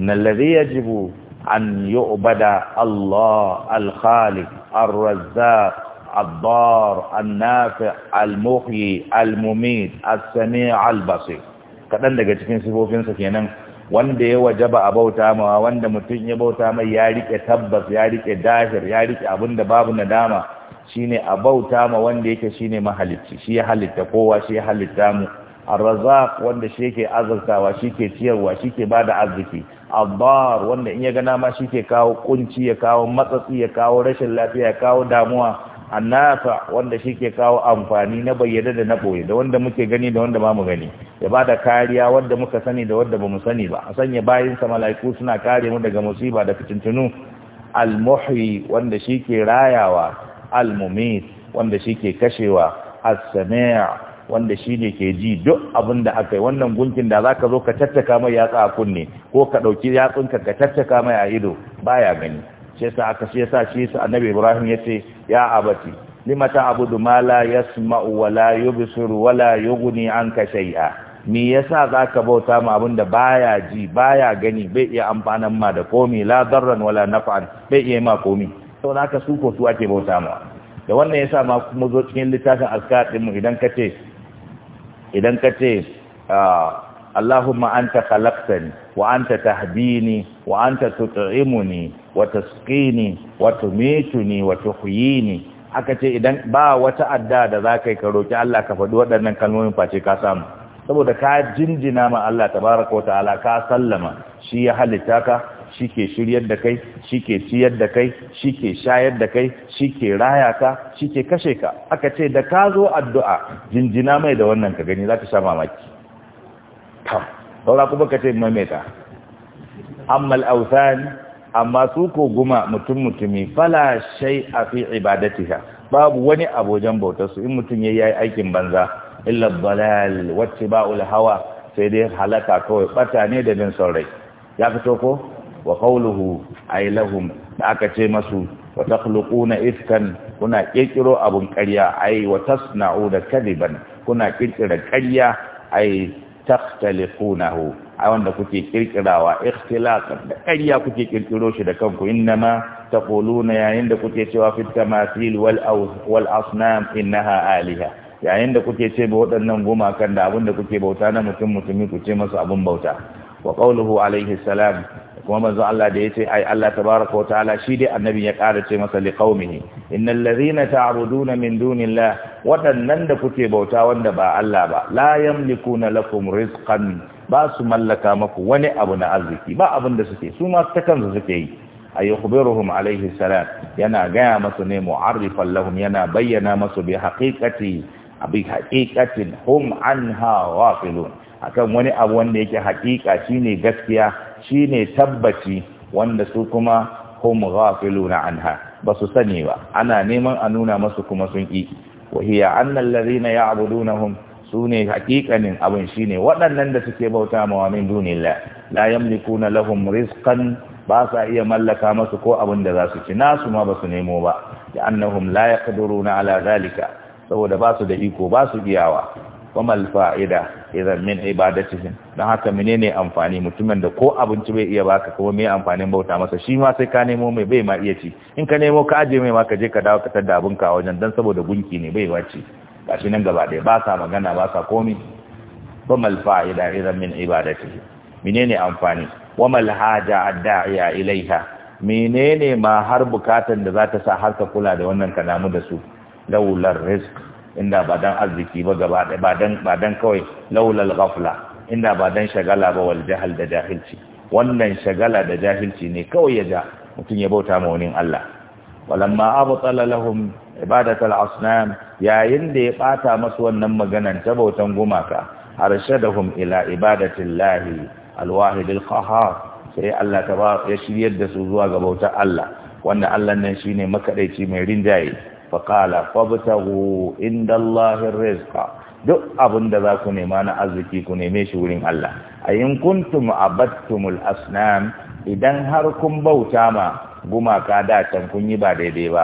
innal ladhi yajibu an yu'bada Allah al-Khaliq ar-Razzaq ad-Dar an-Nafi' al-Muhyi al-Mumit as-Sami' al-Basir kadan daga cikin sifofinsa kenan wanda ya wajaba a bauta mawa wanda mutum ya bauta mai ya rike tabbas ya rike dahir ya rike abin da babu nadama shine a bauta ma wanda yake shine mahalicci shi ya halitta kowa shi ya halitta mu ar-razzaq wanda shi yake azurtawa shi ke ciyarwa shi ke da arziki abbar wanda in ya ga nama shi ke kawo kunci ya kawo matsatsi ya kawo rashin lafiya ya kawo damuwa Annaka, wanda shi ke kawo amfani na bayyana da na boye da wanda muke gani da wanda ba mu gani ya ba da kariya wanda muka sani da wanda ba mu sani ba a sanya bayansa mala'iku suna kare mu daga musiba da fitintunu almuhyi wanda shi ke rayawa almumit wanda shi ke kashewa as-sami' wanda shi ne ke ji duk abin da aka wannan gunkin da zaka zo ka tattaka mai yatsa a kunne ko ka ɗauki yatsunka ka tattaka mai a ido baya gani shi yasa aka shi yasa shi su annabi ibrahim yace ya abati limata abudu ma la yasma'u wa la yubsiru wa la yughni anka shay'a me yasa zaka bauta ma abinda baya ji baya gani bai iya amfanan ma da komi la darran wala naf'an bai iya ma komi to zaka su ko su ake bauta ma da wannan yasa ma kuma zo cikin littafin azkar din mu idan kace idan kace ah, Allahumma anta khalaqtani wa anta tahdini wa anta tut'imuni wa tasqini wa tumituni wa tuhyini aka idan ba wata adda da zakai ka roki Allah ka faɗi waɗannan kalmomin face ka samu saboda ka jinjina ma Allah tabaraka wa ta'ala ka sallama shi ya halitta ka shi ke shiryar da kai shi ke ciyar da kai shi ke shayar da kai shi ke raya ka shi ke kashe ka aka ce da ka zo addu'a jinjina mai da wannan ka gani za ka sha mamaki saura kuma ka ce mameta ammal authan amma su ko guma mutum mutumi fala shay a fi ibadatiha babu wani abojan bautar su in mutum ya yi aikin banza illa dalal wattiba'ul hawa sai dai halaka kawai bata ne da bin saurai ya fito ko wa qawluhu ay lahum da aka ce masu wa takhluquna iskan kuna kirkiro abun ƙarya ay wa tasna'u da kadiban kuna kirkira ƙarya ay takhtalifunahu a wanda kuke kirkirawa ikhtilaqan da ƙarya kuke kirkiro shi da kanku innama taquluna yayin da kuke cewa fit tamathil wal wal asnam innaha aliha yayin da kuke ce ba waɗannan gumakan da abin da kuke bauta na mutum mutumi ku ce masu abin bauta wa qawluhu alaihi salam kuma manzo Allah da yace ai Allah tabaaraka wa ta'ala shi dai annabi ya ƙara ce masa li qaumihi innal ladhina ta'buduna min dunillah wadannan da kuke bauta wanda ba Allah ba la na lakum rizqan ba su mallaka maku wani abu na arziki ba abin da suke su ma ta kansu suke yi ay yukhbiruhum alayhi salam yana gaya masu ne mu'arrifan lahum yana bayyana masu bi haqiqati abi haqiqatin hum anha akan wani abu wanda yake haqiqa shine gaskiya shine tabbaci wanda su kuma hum ghafiluna anha basu sani ba ana neman a nuna masu kuma sun ki wa hiya anna alladhina sune hakikanin abin shine waɗannan da suke bauta ma min dunillah la yamlikuna lahum rizqan ba sa iya mallaka masu ko abin da za su ci nasu ma basu nemo ba da annahum la yaqdiruna ala zalika saboda ba su da iko ba su giyawa kuma fa'ida idan min cikin don haka menene amfani mutumin da ko abinci bai iya baka kuma me amfanin bauta masa shi ma sai ka nemo mai bai ma iya ci in ka nemo ka ajiye mai ma ka je ka dawo ka tadda abin ka wajen don saboda gunki ne bai wace shi nan gaba ɗaya ba sa magana ba sa komi kuma fa'ida idan min mine menene amfani wamal alhaja a daiya ilaiha menene ma har bukatan da za ta sa har ka kula da wannan kalamu da su laular risk. inda ba dan arziki ba gaba ba dan ba dan kawai laulal ghafla inda ba dan shagala ba wal jahal da jahilci wannan shagala da jahilci ne kawai ya ja mutum ya bauta ma wani Allah walamma abtala lahum ibadat al-asnam yayin da ya bata masu wannan maganan ta bautan gumaka arshadahum ila ibadatillahi al-wahid sai Allah ta ya shiryar da su zuwa ga bautar Allah wanda Allah nan shine makadaici mai rinjaye faƙala fabtahu inda Allahin duk abin da za ku nema na arziki ku neme shi wurin Allah a yin kuntum abattumul asnam idan har kun bauta ma gumaka da can kun yi ba daidai ba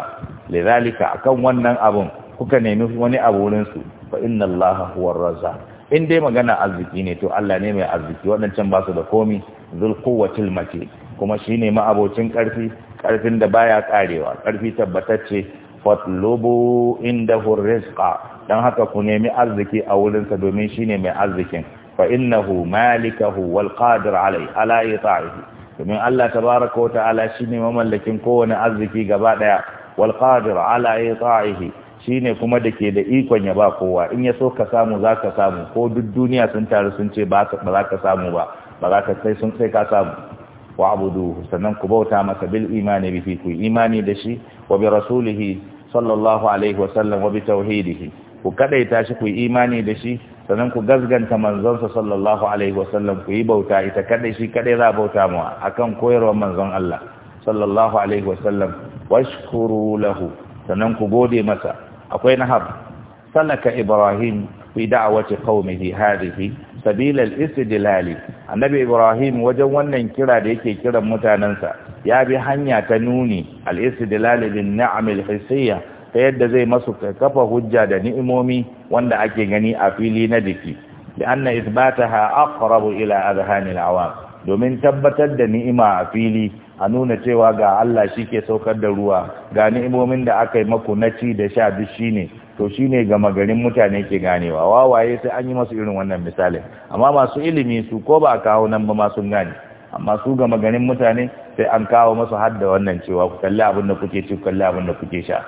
a akan wannan abun kuka nemi wani abu wurin su fa inna Allah huwar in dai magana arziki ne to Allah ne mai arziki waɗancan ba su da komi zul quwwatil mace kuma shine ma'abocin ƙarfi ƙarfin da baya ƙarewa, ƙarfi tabbatacce fatlubu indahu rizqa dan haka ku nemi arziki a wurinsa domin shine mai arzikin fa innahu malikahu wal qadir alai ala yata'ihi domin Allah tabaaraka wa ta'ala shine mamallakin kowane arziki gaba daya wal qadir ala yata'ihi shine kuma dake da ikon ya ba kowa in ya so ka samu zaka samu ko duk duniya sun taru sun ce ba za ka samu ba ba za ka sai sun sai ka samu wa'buduhu sannan ku bauta masa bil imani bihi ku imani da shi wa bi rasulihi sallallahu alaihi wa sallam wa bi tauhidihi ku kadaita shi ku imani da shi sannan ku gazganta manzonsa sallallahu alaihi wa sallam ku yi bauta ita kadai shi kadai za bauta mu akan koyarwar manzon Allah sallallahu alaihi wa sallam washkuru lahu sannan ku gode masa akwai nahab salaka ibrahim fi da'wati qaumihi hadhihi sabila al-istidlali annabi ibrahim wajen wannan kira da yake kiran mutanensa ya bi hanya ta nuni al-istidlal bin ni'am al ta yadda zai masu kafa hujja da ni'imomi wanda ake gani a fili na jiki da anna isbataha aqrabu ila adhhan awam domin tabbatar da ni'ima a fili a nuna cewa ga Allah ke saukar da ruwa ga ni'imomin da aka yi maku na ci da sha duk shine to shine gama garin mutane ke ganewa wawaye sai an yi masu irin wannan misalin amma masu ilimi su ko ba a kawo nan ba ma sun gane amma su gama garin mutane sai an kawo masu hadda wannan cewa ku kalli abin da kuke ci ku kalli abin da kuke sha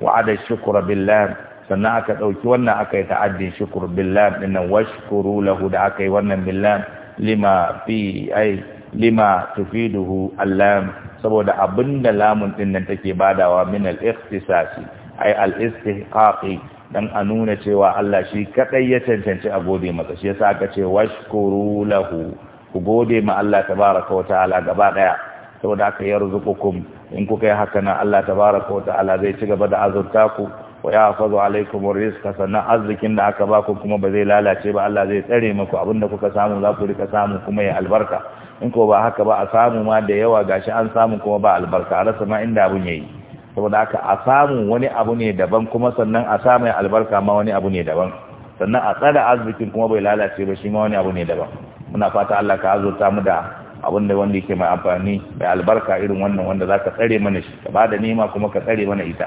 wa'ada shukra billah sannan aka ɗauki wannan aka yi ta'addin shukur billah dinnan washkuru lahu da aka yi wannan billah lima fi ai lima tufiduhu allam saboda abinda lamun ɗinnan take badawa min al-ikhtisasi ai al-istihqaqi dan a nuna cewa Allah shi kadai ya cancanci a gode masa shi yasa aka ce washkuru lahu ku gode ma Allah tabaraka wa ta'ala gaba daya saboda aka yarzuqukum in kuka yi haka nan Allah tabaraka wa ta'ala zai ci gaba da azurta ku wa yahfazu alaikum rizqa sannan arzikin da aka baku kuma ba zai lalace ba Allah zai tsare muku abinda kuka samu za ku rika samu kuma ya albarka in ko ba haka ba a samu ma da yawa gashi an samu kuma ba albarka a rasa ma inda abun yayi saboda haka a samu wani abu ne daban kuma sannan a mai albarka ma wani abu ne daban sannan a tsada arzikin kuma bai lalace ba shi ma wani abu ne daban muna fata Allah ka azurta mu da abin da wanda yake mai amfani mai albarka irin wannan wanda za ka tsare mana shi ka bada nema kuma ka tsare mana ita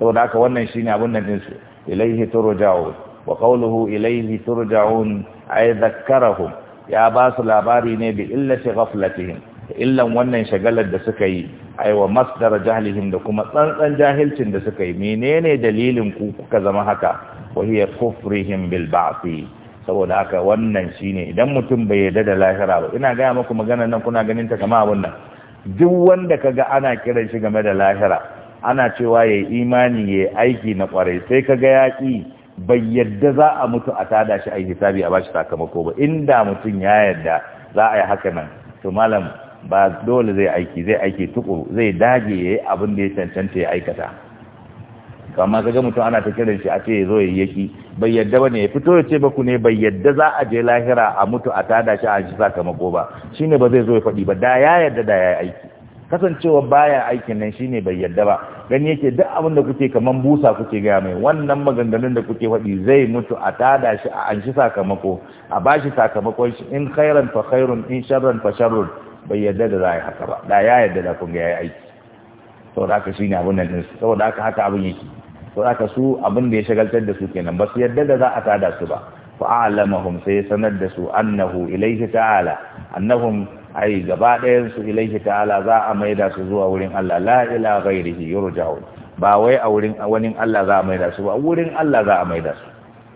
saboda haka wannan shine abin nan din su ilaihi turja'un wa qawluhu ilaihi turja'un ay zakkarahum ya ba su labari ne bi illati ghaflatihim illan wannan shagalar da suka yi aiwa masdar jahlihim da kuma tsantsan jahilcin da suka yi menene dalilin ku kuka zama haka wa hiya kufrihim bil ba'thi saboda haka wannan shine idan mutum bai yarda da lahira ba ina ga muku maganar nan kuna ganin ta kama abun nan duk wanda kaga ana kiran shi game da lahira ana cewa yayi imani yayi aiki na kwarai sai kaga yaki bai yarda za a mutu a tada shi a hisabi a bashi sakamako ba inda mutum ya yarda za a yi haka nan to malam ba dole zai aiki zai aiki tukuru zai dage yayi abin da ya cancanta ya aikata kamar zaga mutum ana ta kiran shi a ce ya zo ya yaki bai yadda bane ya fito ya ce ba ku ne bai yadda za a je lahira a mutu a tada shi a ji sakamako ba shine ba zai zo ya faɗi ba da ya yadda da ya yi aiki kasancewa baya aikin nan shine bai yadda ba gani yake duk abin da kuke kaman busa kuke gaya mai wannan maganganun da kuke faɗi zai mutu a tada shi a an shi sakamako a bashi sakamakon shi in khairan fa khairun in sharran fa sharrun bai yadda da za a yi haka ba da ya yadda da kun ya yi aiki saboda haka shi ne abin nan ɗinsu saboda haka haka abin yake saboda haka su abin da ya shagaltar da su kenan ba su yadda da za a tada su ba fa'alamahum sai sanar da su annahu ilaihi ta'ala annahum ai gaba ɗayan su ilaihi ta'ala za a maida su zuwa wurin Allah la ila ghairihi yurja'u ba wai a wurin wani Allah za a maida su ba wurin Allah za a maida su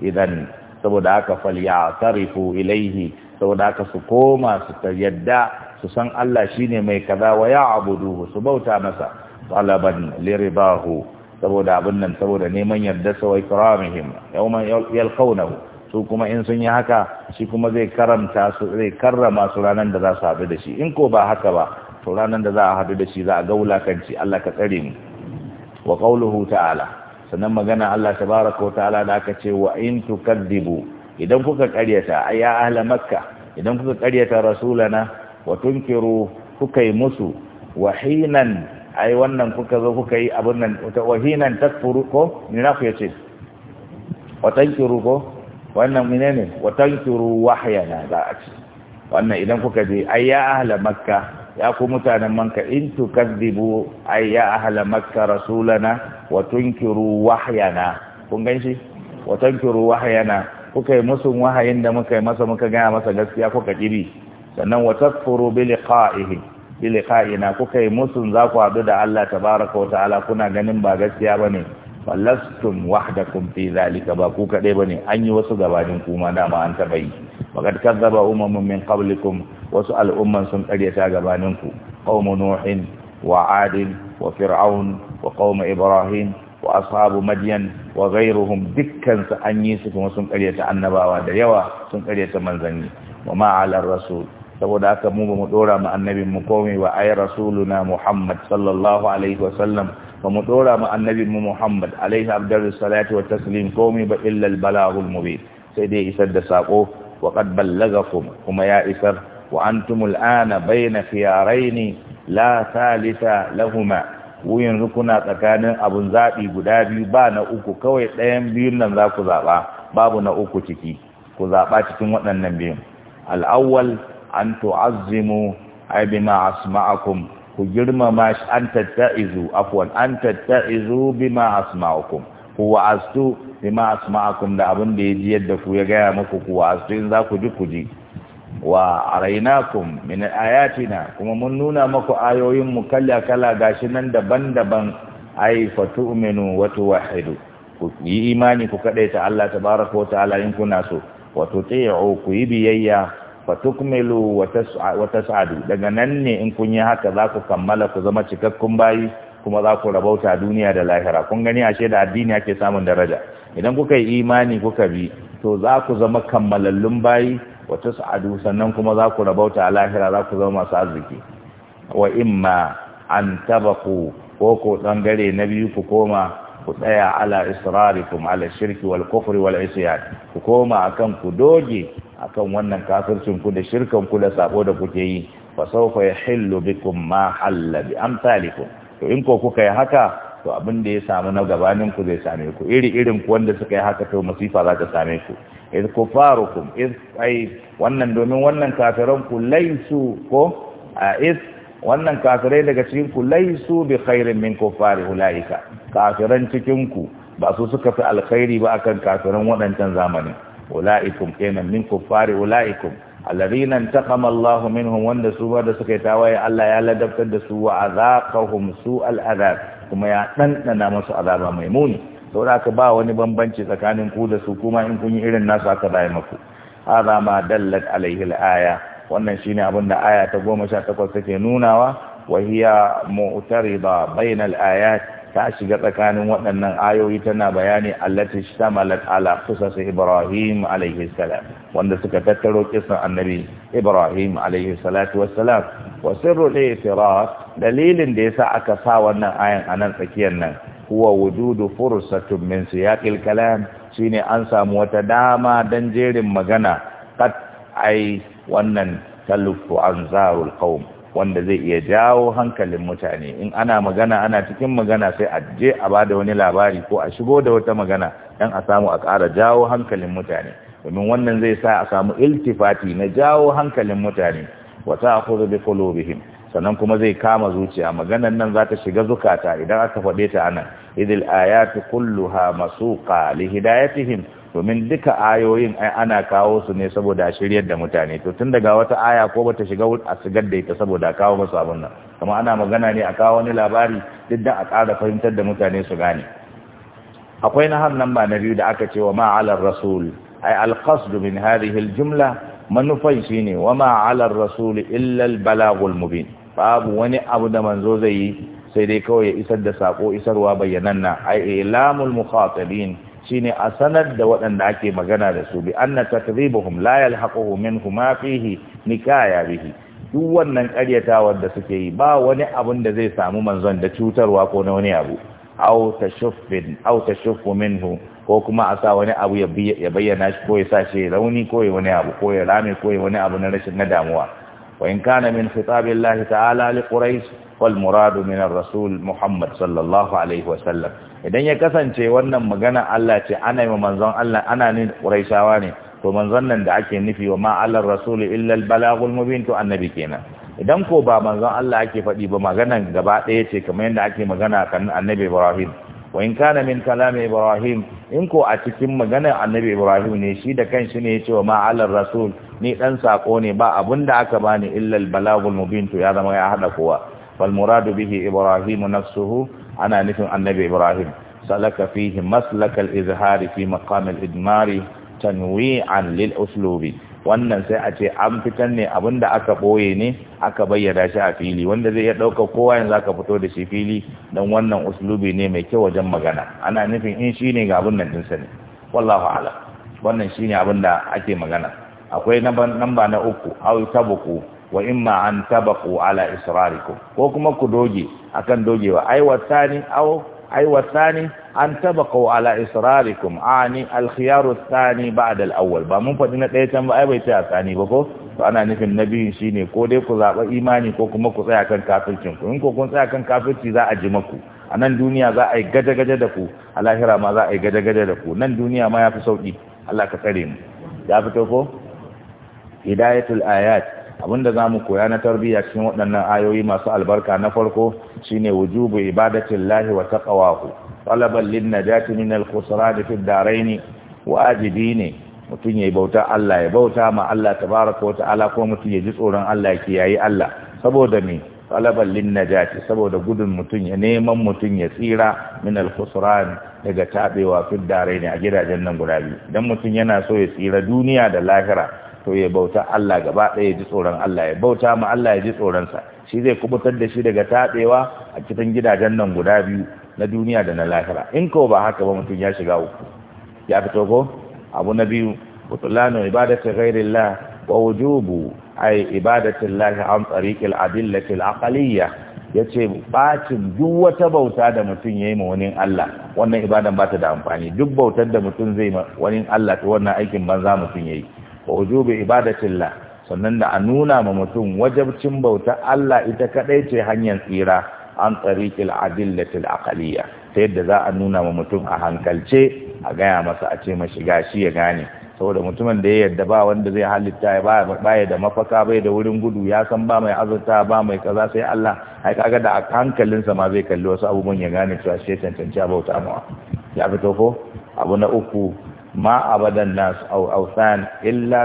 idan saboda haka falyatarifu ilaihi saboda haka su koma su yadda su san Allah shine mai kaza wa ya'buduhu su bauta masa talaban liribahu saboda abin nan saboda neman yarda sa wa ikramihim yawman yalqawnahu su kuma in sun yi haka shi kuma zai karamta su zai karrama su ranan da za su haɗu da shi in ko ba haka ba to ranan da za a haɗu da shi za a ga wulakanci Allah ka tsare mu wa qawluhu ta'ala sannan magana Allah tabaraka wa ta'ala da aka ce wa in tukaddibu idan kuka ƙaryata ya ahla makka idan kuka ƙaryata rasulana wa tunkiru kuka yi musu wahinan ai wannan kuka zo kuka yi abin nan hinan takfuru ko ni na ku ce wa tunkiru ko wannan menene wa tunkiru wahyana za a ce wannan idan kuka je ai ya ahla makka ya ku mutanen manka in tukazzibu ai ya ahla makka rasulana wa tunkiru wahyana kun ganshi wa tunkiru wahyana kuka yi musu wahayin da muka yi masa muka gaya masa gaskiya kuka kiri sannan wa takfuru bi liqa'ihi bi liqa'ina kuka yi musun za ku haɗu da Allah tabaraka wa ta'ala kuna ganin ba gaskiya bane falastum wahdakum fi zalika ba ku kadai bane an yi wasu gabanin ma dama an taba yi faqad kazzaba umamun min qablikum wasu al'umman sun karyata gabanin ku qaumu nuhin wa adin wa fir'aun wa qaumu ibrahim wa ashabu madyan wa ghayruhum dukkan su an yi su kuma sun karyata annabawa da yawa sun karyata manzanni wa ma ala saboda haka mu mu dora mu annabin mu komai ba ay rasuluna muhammad sallallahu alaihi wa bamu dora mu annabin mu muhammad alaihi afdalus salatu wa taslim komai ba illa al balagul mubin sai dai isar da sako wa qad ballagakum kuma ya isar wa antumul ana bayna khiyaraini la thalitha lahuma wuyin rukuna tsakanin abun zaɓi guda biyu ba na uku kawai ɗayan biyun nan za ku zaɓa babu na uku ciki ku zaɓa cikin waɗannan biyun al'awwal an tu'azzimu ay bima asma'akum ku girmama shi an tatta'izu afwan an tatta'izu bima asma'akum ku wa'astu bima asma'akum da abin da ya ji yadda ku ya gaya muku ku wa'astu in za ku ji ku ji wa arainakum min ayatina kuma mun nuna muku ayoyin mu kalla kala gashi nan daban-daban ai fatu'minu wa tuwahhidu ku yi imani ku kadaita Allah tabaraka wa ta'ala in kuna so wa tuti'u ku yi biyayya fatukmilu wa tas'adu daga nan ne in kun yi haka za ku kammala ku zama cikakkun bayi kuma za ku rabauta duniya da lahira kun gani ashe da addini ake samun daraja idan kuka yi imani kuka bi to za ku zama kammalallun bayi wa tas'adu sannan kuma za ku rabauta a lahira za ku zama masu arziki wa imma an tabaku ko ko dangare na biyu ku koma ku tsaya ala israrikum ala shirki wal kufri wal isyan ku koma akan ku doge akan wannan kafircin ku da shirkan ku da sabo da kuke yi fa sawfa yahillu bikum ma halla bi amsalikum to in ko kuka yi haka to abin da ya samu na gabanin ku zai same ku iri irin ku wanda suka yi haka to masifa za ta same ku iz kufarukum iz ai wannan domin wannan kafiran ku laisu ko a iz wannan kafirai daga cikin ku laisu bi khairin min kufari ulaika kafiran cikin ku ba su suka fi alkhairi ba akan kafiran waɗancan zamanin ula'ikum kenan min kuffari ula'ikum alladhina intaqama Allah minhum wanda su da suka tawaye Allah ya ladabtar da su wa azaqahum su'al azab kuma ya dandana musu azaba mai muni saboda ba wani bambanci tsakanin ku da su kuma in kun yi irin nasu aka bai muku hadha ma dallat alaihi aya wannan shine abin da aya ta 18 take nunawa wa hiya mu'tarida bainal ayati ta shiga tsakanin waɗannan ayoyi tana bayani allati shtamalat ala qisas Ibrahim alayhi salam wanda suka tattaro kisan annabi Ibrahim alayhi salatu wassalam wa sirru al-i'tiraf dalilin da yasa aka sa wannan ayan anan tsakiyar nan huwa wujudu fursatun min siyaqil kalam shine an samu wata dama dan jerin magana kat ai wannan taluffu anzarul qaum wanda zai iya jawo hankalin mutane in ana magana ana cikin magana sai a je a ba da wani labari ko a shigo da wata magana dan a samu a ƙara jawo hankalin mutane domin wannan zai sa a samu iltifati na jawo hankalin mutane wata ta'khudhu bi qulubihim sannan kuma zai kama zuciya maganan nan za ta shiga zukata idan aka faɗe ta anan idil ayatu kulluha masuqa li hidayatihim domin duka ayoyin ai ana kawo su ne saboda a shiryar da mutane to tun daga wata aya ko bata shiga a shigar da ita saboda kawo masu abun nan kuma ana magana ne a kawo wani labari duk da a ƙara fahimtar da mutane su gane akwai na hannun ba na biyu da aka ce wa ma'alar rasul ai alqasd min hadhihi aljumla manufai shine wa ma'alar rasul illa albalagul mubin babu wani abu da manzo zai yi sai dai kawai ya isar da sako isarwa bayyananna ai ilamul mukhatabin shine a sanar da waɗanda ake magana da su bi anna takdhibuhum la yalhaquhu minhu ma fihi nikaya bihi duk wannan ƙaryatawar da suke yi ba wani abun da zai samu manzon da cutarwa ko na wani abu aw tashuffin aw tashuffu minhu ko kuma a sa wani abu ya bayyana shi ko ya sa shi rauni ko ya wani abu ko ya rame ko ya wani abu na rashin na damuwa wa in kana min khitabillahi ta'ala li quraish wal muradu min ar-rasul muhammad sallallahu alaihi wa sallam idan ya kasance wannan magana Allah ce ana yi manzon Allah ana ne Quraishawa ne to manzon nan da ake nufi wa ma'alar rasul illa balagul mubin to annabi kenan idan ko ba manzon Allah ake faɗi ba maganan gaba ɗaya ce kamar yadda ake magana kan annabi Ibrahim wa in kana min kalami Ibrahim in ko a cikin maganar annabi Ibrahim ne shi da kanshi ne ya ce wa ma'alar rasul ni dan sako ne ba da aka bani illal balagul mubin to ya zama ya hada kowa fal muradu bihi Ibrahim nafsuhu ana nufin annabi ibrahim salaka fihi maslakal izhari fi maqamil idmari tanwi'an lil uslubi wannan sai a ce an fitan ne abinda aka boye ne aka bayyana shi a fili wanda zai iya dauka kowa yanzu aka fito da shi fili dan wannan uslubi ne mai kyau wajen magana ana nufin in shine ga abin nan dinsa ne wallahu a'lam wannan shine abinda ake magana akwai namba na uku aw tabuku wa imma an tabaqu ala israrikum ko kuma ku doge akan dogewa ai wasani au ai wasani an tabaqu ala israrikum ani al-khiyar ath-thani ba'da al ba mun fadi na daya can ba ai bai ta tsani ba ko to ana nufin nabiyin shine ko dai ku zaba imani ko kuma ku tsaya kan kafircin ku in ko kun tsaya kan kafirci za a ji maku a nan duniya za a yi gaje-gaje da ku a lahira ma za a yi gaje-gaje da ku nan duniya ma ya fi sauƙi Allah ka tsare mu ya fito ko hidayatul ayat abinda za mu koya na tarbiyya cikin waɗannan ayoyi masu albarka na farko shine wujubu ibadatin lahi wa taqawahu talaban lin najati min al khusran fi darain wajibi ne mutum ya bauta Allah ya bauta ma Allah tabaraka wa ta'ala ko mutum ya ji tsoron Allah ya kiyaye Allah saboda me talaban lin najati saboda gudun mutum ya neman mutum ya tsira min al daga tabewa fi ne a gidajen nan guda biyu dan mutum yana so ya tsira duniya da lahira to ya bauta Allah gaba ɗaya ji tsoron Allah ya bauta ma Allah ya ji tsoronsa shi zai kubutar da shi daga taɗewa a cikin gidajen nan guda biyu na duniya da na lahira in ko ba haka ba mutum ya shiga uku ya fito ko abu na biyu butulanu ibadatu ghairillah wa wujubu ay ibadatu llahi an tariqil adillati al ya yace bacin duk wata bauta da mutum yayi ma wani Allah wannan ibadan ba ta da amfani duk bautar da mutum zai ma wani Allah to wannan aikin banza mutum yayi wa wujubi ibadatillah sannan da a nuna ma mutum wajabcin bauta Allah ita kadai ce hanyar tsira an tariqil adillatil aqliya ta yadda za a nuna ma mutum a hankalce a gaya masa a ce mashi gashi ya gane saboda mutumin da ya yarda ba wanda zai halitta ya baya da mafaka bai da wurin gudu ya san ba mai azurta ba mai kaza sai Allah ai kaga da hankalinsa ma zai kalli wasu abubuwan ya gane cewa shi cancanci bauta mawa ya fito ko abu na uku ma abadan nasu au ausan illa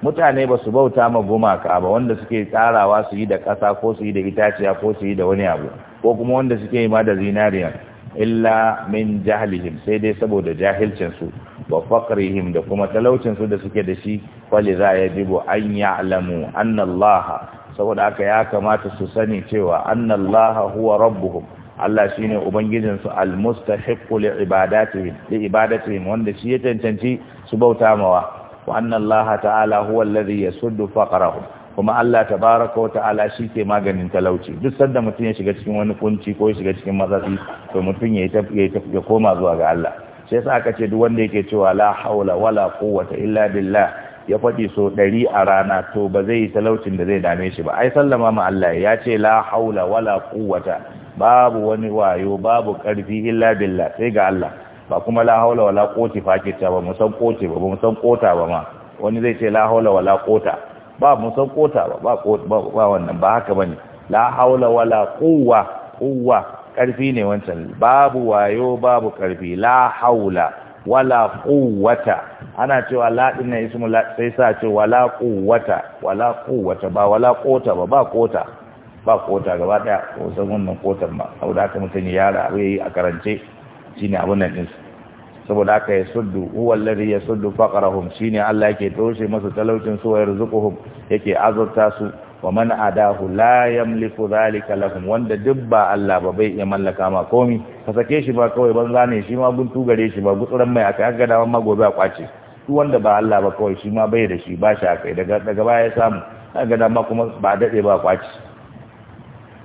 mutane ba su bauta ma gumaka ba wanda suke tsarawa su yi da ƙasa ko su yi da itaciya ko su yi da wani abu ko kuma wanda suke yi ma da zinariya illa min jahlihim sai dai saboda jahilcinsu wa faqrihim da kuma talaucinsu da suke da shi wali za yajibu an ya'lamu anna Allah saboda haka ya kamata su sani cewa annallaha huwa rabbuhum Allah shi shine ubangijin su almustahiqqu liibadatihim liibadatihim wanda shi ya cancanci su bauta mawa wa anna Allah ta'ala huwa su dufa ƙarahu. kuma Allah tabaraka wa ta'ala shi ke maganin talauci duk sanda mutum ya shiga cikin wani kunci ko ya shiga cikin matsatsi to mutum ya ya koma zuwa ga Allah sai yasa aka ce duk wanda yake cewa la haula wala quwwata illa billah ya faɗi so ɗari a rana to ba zai yi talaucin da zai dame shi ba ai sallama ma Allah ya ce la haula wala quwwata babu wani wayo babu karfi illa billah sai ga Allah ba kuma la haula wala quwwata fakita ba mu san kote ba mu san kota ba ma wani zai ce la haula wala quwwata ba mu san kota ba ba ba wannan ba haka bane la haula wala quwwa quwwa karfi ne wancan babu wayo babu karfi la haula wala quwwata ana cewa la din ismu la sai sa ce wala quwwata wala quwwata ba wala kota ba ba kota ba kota gaba daya ko san wannan kotar ba saboda haka mutum ya yara abu yayi a karance shine abun nan din saboda haka ya suddu huwa alladhi yasuddu faqrahum shine Allah yake toshe masa talaucin su wa yarzuquhum yake azurta su wa man adahu la yamliku zalika lahum wanda dubba Allah ba bai iya mallaka ma komi ka sake shi ba kawai ban zane, shi ma gun gare shi ba gutsuran mai aka ga dawan ma gobe a kwace duk wanda ba Allah ba kawai shi ma bai da shi ba shi akai daga daga baya ya samu gada dama kuma ba dade ba kwace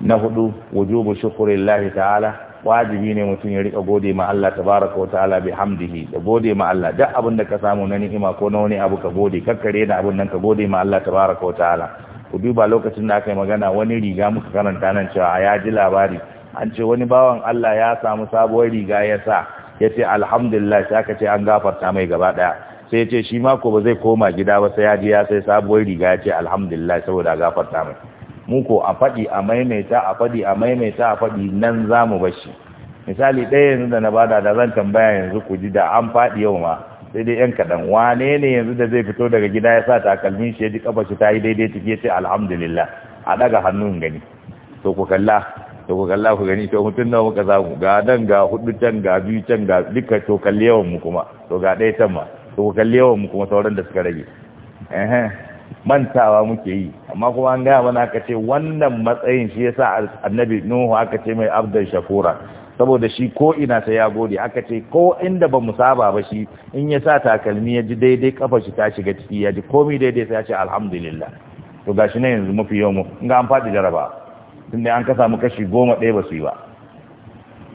na hudu wujubu shukurillahi ta'ala wajibi ne mutum ya rika gode ma Allah tabaaraka wa ta'ala bi hamdihi da gode ma Allah duk abin da ka samu na ni'ima ko na wani abu ka gode kakkare da abin nan ka gode ma Allah tabaaraka wa ta'ala ku duba lokacin da aka yi magana wani riga muka karanta nan cewa ya ji labari an ce wani bawan Allah ya samu sabuwar riga ya sa ya ce alhamdulillah sai aka ce an gafarta mai gaba daya sai ya ce shi mako ba zai koma gida ba sai ya ji ya sai sabuwar riga ya ce alhamdulillah saboda gafarta mai Muko a faɗi a maimaita a faɗi a maimaita a faɗi nan za mu bashi misali ɗaya yanzu da na bada da zan tambaya yanzu ku ji da an faɗi yau ma sai dai yan kaɗan wane ne yanzu da zai fito daga gida ya sa takalmin shi ya ji kafa shi ta yi daidai take ce alhamdulillah a ɗaga hannun gani to ku kalla to ku kalla ku gani to mutum nawa muka samu ga dan ga hudu can ga biyu can ga duka to kalli yawan mu kuma to ga ɗaya can ma to ku kalli yawan mu kuma sauran da suka rage mantawa muke yi amma kuma an gaya mana aka ce wannan matsayin shi yasa annabi nuhu aka ce mai abdan shakura saboda shi ko ina sai ya gode aka ce ko inda ba musaba ba shi in ya sa takalmi ya ji daidai kafa shi ta shiga ciki ya ji komai daidai sai ya ce alhamdulillah to gashi ne yanzu mafi yau mu in ga an fadi jaraba tunda an kasa mu kashi goma ɗaya ba su yi ba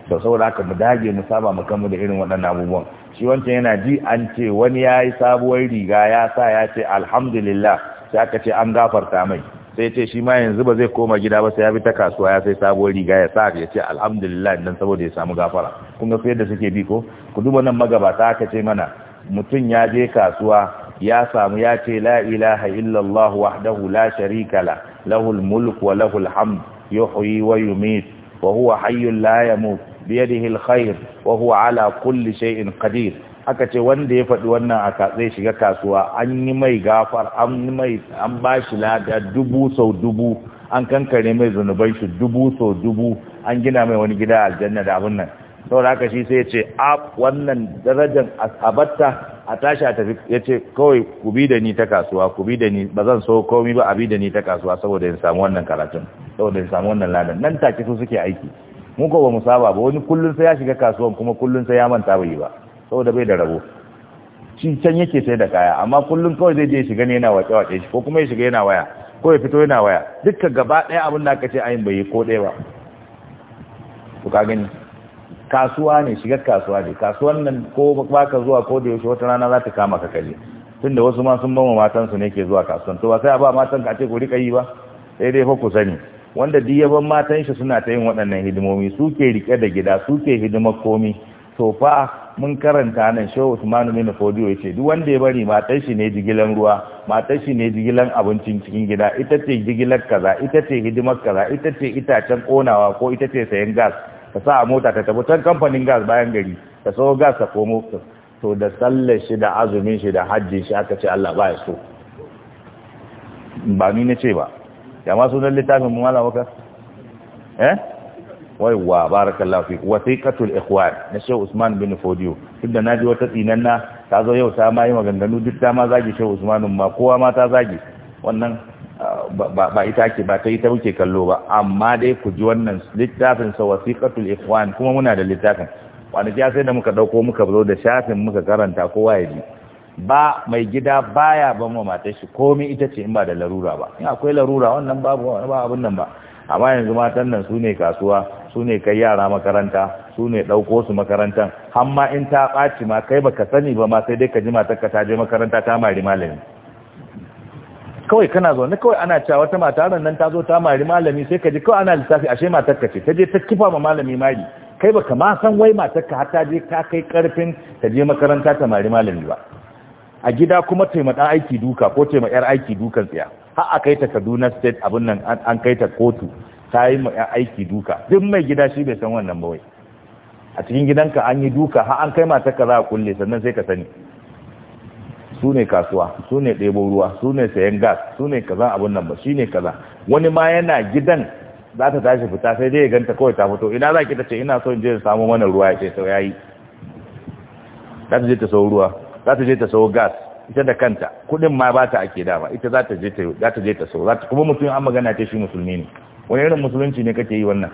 to saboda haka mu dage mu saba mu kammala da irin waɗannan abubuwan shi wancan yana ji an ce wani ya yi sabuwar riga ya sa ya ce alhamdulillah sai aka ce an gafarta mai sai ce shi ma yanzu ba zai koma gida ba sai ya bi ta kasuwa ya sai sabuwar riga ya sa ya ce alhamdulillah dan saboda ya samu gafara kun ga da suke bi ko ku duba nan magabata aka ce mana mutum ya je kasuwa ya samu ya ce la ilaha illallah wahdahu la sharika la lahul mulk wa lahul hamd yuhyi wa yumit wa huwa hayyul la yamut بيده الخير وهو على كل شيء قدير qadir aka ce wanda ya faɗi wannan a zai shiga kasuwa an yi mai gafar an yi mai an bashi lada dubu sau dubu an kankare mai zunuban shi dubu sau dubu an gina mai wani gida aljanna da abin nan saboda haka shi sai ya ce a wannan darajar abatta a tashi a tafi ya ce kawai ku bi da ni ta kasuwa ku bi da ni ba zan so komi ba a bi da ni ta kasuwa saboda in samu wannan karatun saboda in samu wannan ladan nan take su suke aiki mu ko ba mu saba ba wani kullun sai ya shiga kasuwan kuma kullun sai ya manta bai ba saboda bai da rabo shi can yake sai da kaya amma kullun kawai zai je shiga ne yana wace wace shi ko kuma ya shiga yana waya ko ya fito yana waya dukka gaba ɗaya abin da aka ce ayin bai yi ko ɗaya ba to ka gani kasuwa ne shiga kasuwa ne kasuwan nan ko baka zuwa ko da yaushe wata rana za ta kama ka kalle tunda wasu ma sun bama matansu ne ke zuwa kasuwan to ba sai a ba matan ka ce ku rika yi ba sai dai fa ku sani wanda diyaban matan shi suna ta yin waɗannan hidimomi suke rike da gida suke hidimar komi to fa mun karanta nan shi Usman bin Fodiyo yace duk wanda ya bari matan shi ne jigilan ruwa matan shi ne jigilan abincin cikin gida ita ce jigilar kaza ita ce hidimar kaza ita ce itacen konawa ko ita ce sayan gas ta sa a mota ta tafi can kamfanin gas bayan gari ta sayo gas ta komo to da sallar shi da azumin shi da hajji shi aka ce Allah ba ya so ba ni na ce ba ya sunan littafin mu malam waka eh wa barakallahu fi wasiqatul ikhwan na shehu usman bin fodiyo tunda naji wata tsinanna ta zo yau ta mai maganganu duk ta ma zagi shehu usman ma kowa ma ta zagi wannan ah, ba ita ke ba ta yi ta wuce kallo ba amma dai ku ji wannan littafin sa wasiqatul ikhwan kuma muna da littafin wani ya sai da muka dauko muka zo da shafin muka karanta kowa ya ji ba mai gida baya ba mu matar shi komai ita ce in ba da larura ba in akwai larura wannan babu ba abin nan ba amma yanzu matan nan su ne kasuwa su ne kai yara makaranta su ne ɗauko su makarantan ma in ta ɓaci ma kai baka sani ba ma sai dai ka ji matarka ta je makaranta ta mari malami kawai kana zaune kawai ana cewa wata mata ran nan ta zo ta mari malami sai ka ji kawai ana lissafi ashe matarka ce ta je ta kifa ma malami mari kai baka ma san wai matarka har ta je ta kai karfin ta je makaranta ta mari malami ba a gida kuma taimaka aiki duka ko taimaka yar aiki dukan tsiya har a kai ta kaduna state abin nan an kai ta kotu ta yi ma aiki duka duk mai gida shi bai san wannan ba wai a cikin gidanka an yi duka har an kai mata ka za a kulle sannan sai ka sani su ne kasuwa su ne ɗebo ruwa su ne sayan gas su ne kaza abin nan ba shi ne kaza wani ma yana gidan za ta tashi fita sai dai ya ganta kawai ta fito ina za ki ta ce ina so in je in samu mana ruwa ya ce sau ya yi za ta je ta sau ruwa za ta je ta sayo gas ita da kanta kudin ma ba ta ake dama ita za ta je ta za kuma mutum an magana ta shi musulmi ne wani irin musulunci ne kake yi wannan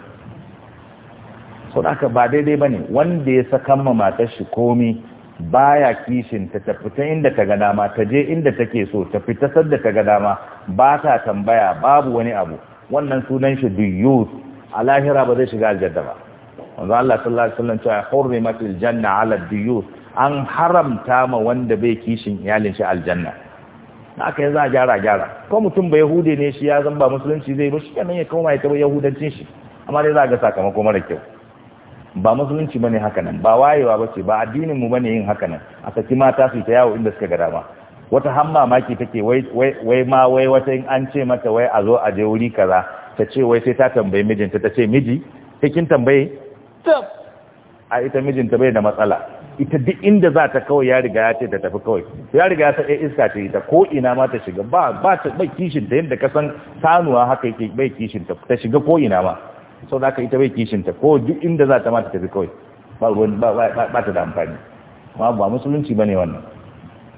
sau da aka ba daidai ba ne wanda ya saka ma matar shi komi baya kishin ta ta fita inda ta ga dama ta je inda take so ta fita sadda ta ga dama ba ta tambaya babu wani abu wannan sunan shi duyus a lahira ba zai shiga aljadda ba wanzu Allah sallallahu alaihi wasallam cewa hurrimatil janna ala duyus an haramta ma wanda bai kishin iyalin shi aljanna na aka yi za a gyara gyara ko mutum ba yahude ne shi ya zan ba musulunci zai ba shi kenan ya kama ya taba yahudancin shi amma dai za a ga sakamako mara kyau ba musulunci bane haka nan ba wayewa ba ce ba addinin mu bane yin haka nan a saki mata su ta yawo inda suka ga dama wata hamma maki take wai wai ma wai wata in an ce mata wai a zo a je wuri kaza ta ce wai sai ta tambayi mijinta ta ce miji sai kin tambaye a ita mijinta bai da matsala ita duk inda za ta kawai ya riga ya ce ta tafi kawai ya riga ya saɗe eh, iska ce ta ko ina ma ta shiga ba ba ta bai kishin ta yadda ka san sanuwa haka yake bai kishin ta ta shiga ko ina ma sau da aka ita bai kishin ta ko duk inda za ta ma ta tafi kawai ba ruwan ba ta da amfani ma ba musulunci ba ne wannan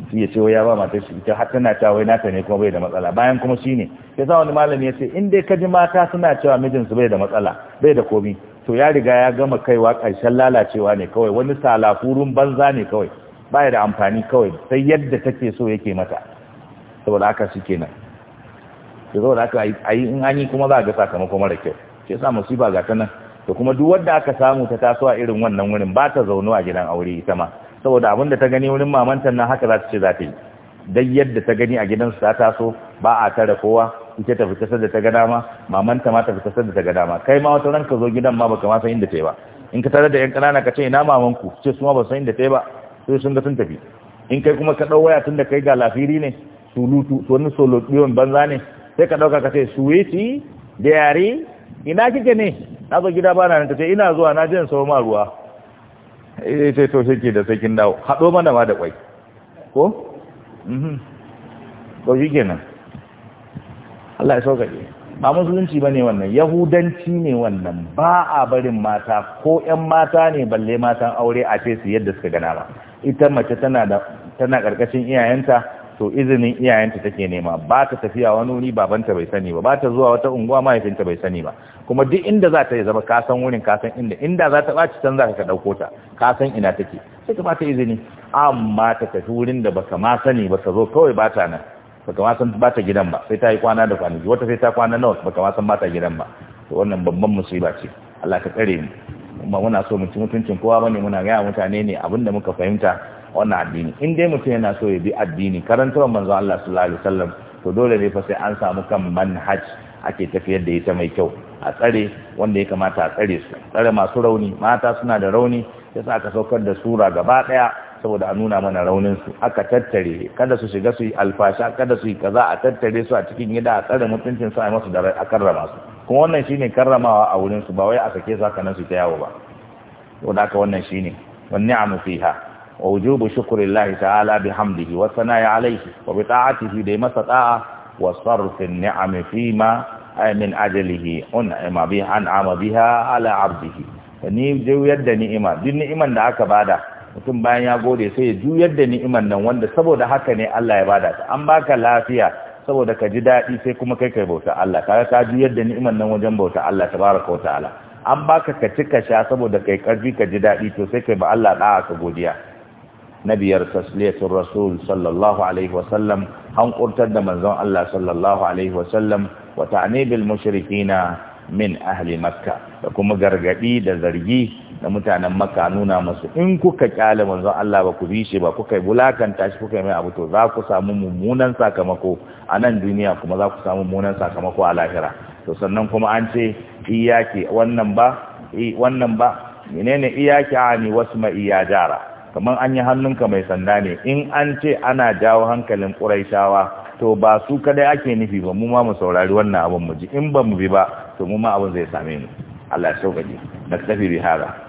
shi ya ce ya ba matar shi ita har tana cewa wai nata ne kuma bai da matsala bayan kuma shine ya sa wani malami ya ce in dai ka ji mata suna cewa mijinsu bai da matsala bai da komi to ya riga ya gama kaiwa karshen lalacewa ne kawai wani salafurun banza ne kawai ba da amfani kawai sai yadda take so yake mata saboda haka shi kenan da saboda aka ayi in an yi kuma za a ga sakamako mara kyau shi yasa musiba ga ta nan da kuma duk wadda aka samu ta taso a irin wannan wurin ba ta zaune a gidan aure ita ma saboda abin da ta gani wurin mamantan nan haka za ta ce za ta yi dai yadda ta gani a gidan su ta taso ba a tara kowa ita ta fita sadda ta ga dama mamanta ma ta fita sadda ta ga dama kai ma wata ran ka zo gidan ma baka ma san inda ta yi ba in ka tare da yan kanana ka ce ina maman ku ce su ma ba san inda ta yi ba sai sun ga sun tafi in kai kuma ka dau waya tunda kai ga lafiri ne lutu to wani biyon banza ne sai ka dauka ka ce suwiti da yare ina kike ne na zo gida bana nan ta ce ina zuwa na jin sau ma ruwa eh sai to ke da sakin dawo hado mana ma da kwai ko mhm to kenan Allah ya sauƙaƙe ba musulunci ba ne wannan yahudanci ne wannan ba a barin mata ko 'yan mata ne balle matan aure a ce su yadda suka gana ba ita mace tana da tana ƙarƙashin iyayenta to izinin iyayenta take nema ba ta tafiya wani wuri babanta bai sani ba ba ta zuwa wata unguwa mahaifinta bai sani ba kuma duk inda za ta yi zama kasan wurin kasan inda inda za ta ɓaci can za ka ɗauko ta kasan ina take sai ka ba ta izini amma ta tafi wurin da baka ma sani ba ka zo kawai ba ta nan baka ma san bata gidan ba sai ta yi kwana da kwanaki wata sai ta kwana nawa baka ma san bata gidan ba to wannan babban musiba ce Allah ka tsare mu kuma muna so ci mutuncin kowa bane muna gaya mutane ne abinda muka fahimta wannan addini in dai mutum yana so ya bi addini karantar manzo Allah sallallahu alaihi wasallam to dole ne fa sai an samu kan manhaj ake tafiyar da ita mai kyau a tsare wanda ya kamata a tsare su tsare masu rauni mata suna da rauni yasa aka saukar da sura gaba daya saboda a nuna mana raunin su, aka tattare kada su shiga su yi alfasha kada su yi kaza a tattare su a cikin gida a tsare mutuncin su a masu da a karrama su kuma wannan shine karramawa a wurin su ba wai a sake su haka nan su ta yawo ba saboda haka wannan shine wan ni'amu fiha wa wujubu shukrillahi ta'ala bihamdihi wa sana'i alayhi wa bi ta'atihi da masa ta'a wa sarfi ni'ami fima ay min ajlihi ima biha an'ama biha ala 'abdihi ni juyar da ni'ima duk ni'iman da aka bada mutum bayan ya gode sai ya juyar da ni'imar nan wanda saboda haka ne Allah ya bada ta an baka lafiya saboda ka ji daɗi sai kuma kai kai bauta Allah kaga ka juyar da ni'imar nan wajen bauta Allah tabaraka wa ta'ala an baka ka ci ka sha saboda kai karfi ka ji daɗi to sai kai ba Allah da ka godiya na biyar tasliyatul rasul sallallahu alaihi wa sallam hankurtar da manzon Allah sallallahu alaihi wa sallam wa ta'nibil mushrikina min ahli makka da kuma gargadi da zargi da mutanen maka nuna masu in kuka kyale manzon Allah ba ku bi shi ba kuka bulakanta shi kuka mai abu to za ku samu mummunan sakamako a nan duniya kuma za ku samu mummunan sakamako a lahira to sannan kuma an ce iyaki wannan ba wannan ba menene iyaki ani wasu ma iya jara kamar an yi hannunka mai sanda ne in an ce ana jawo hankalin ƙuraishawa to ba su kadai ake nufi ba mu ma mu saurari wannan abin mu ji in ba mu bi ba to mu ma abin zai same mu Allah ya sauƙaƙe na tafi bi hada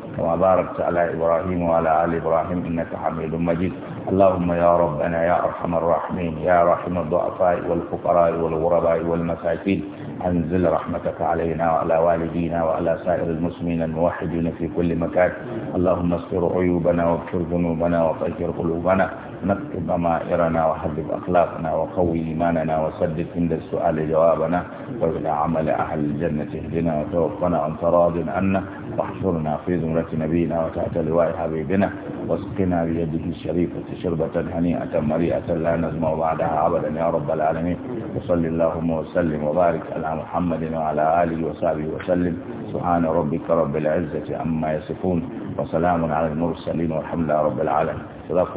كما باركت على إبراهيم وعلى آل إبراهيم إنك حميد مجيد اللهم يا ربنا يا أرحم الراحمين يا رحم الضعفاء والفقراء والغرباء والمساكين أنزل رحمتك علينا وعلى والدينا وعلى سائر المسلمين الموحدين في كل مكان اللهم استر عيوبنا واغفر ذنوبنا وطهر قلوبنا نكتب ضمائرنا وحبب أخلاقنا وقوي إيماننا وسدد عند السؤال جوابنا وإلى عمل أهل الجنة اهدنا وتوفنا عن تراض عنا واحشرنا في زمرة نبينا وتحت لواء حبيبنا واسقنا بيده الشريفة شربة هنيئة مريئة لا نزمع بعدها عبدا يا رب العالمين وصل اللهم وسلم وبارك على محمد وعلى آله وصحبه وسلم سبحان ربك رب العزة عما يصفون وسلام على المرسلين والحمد لله رب العالمين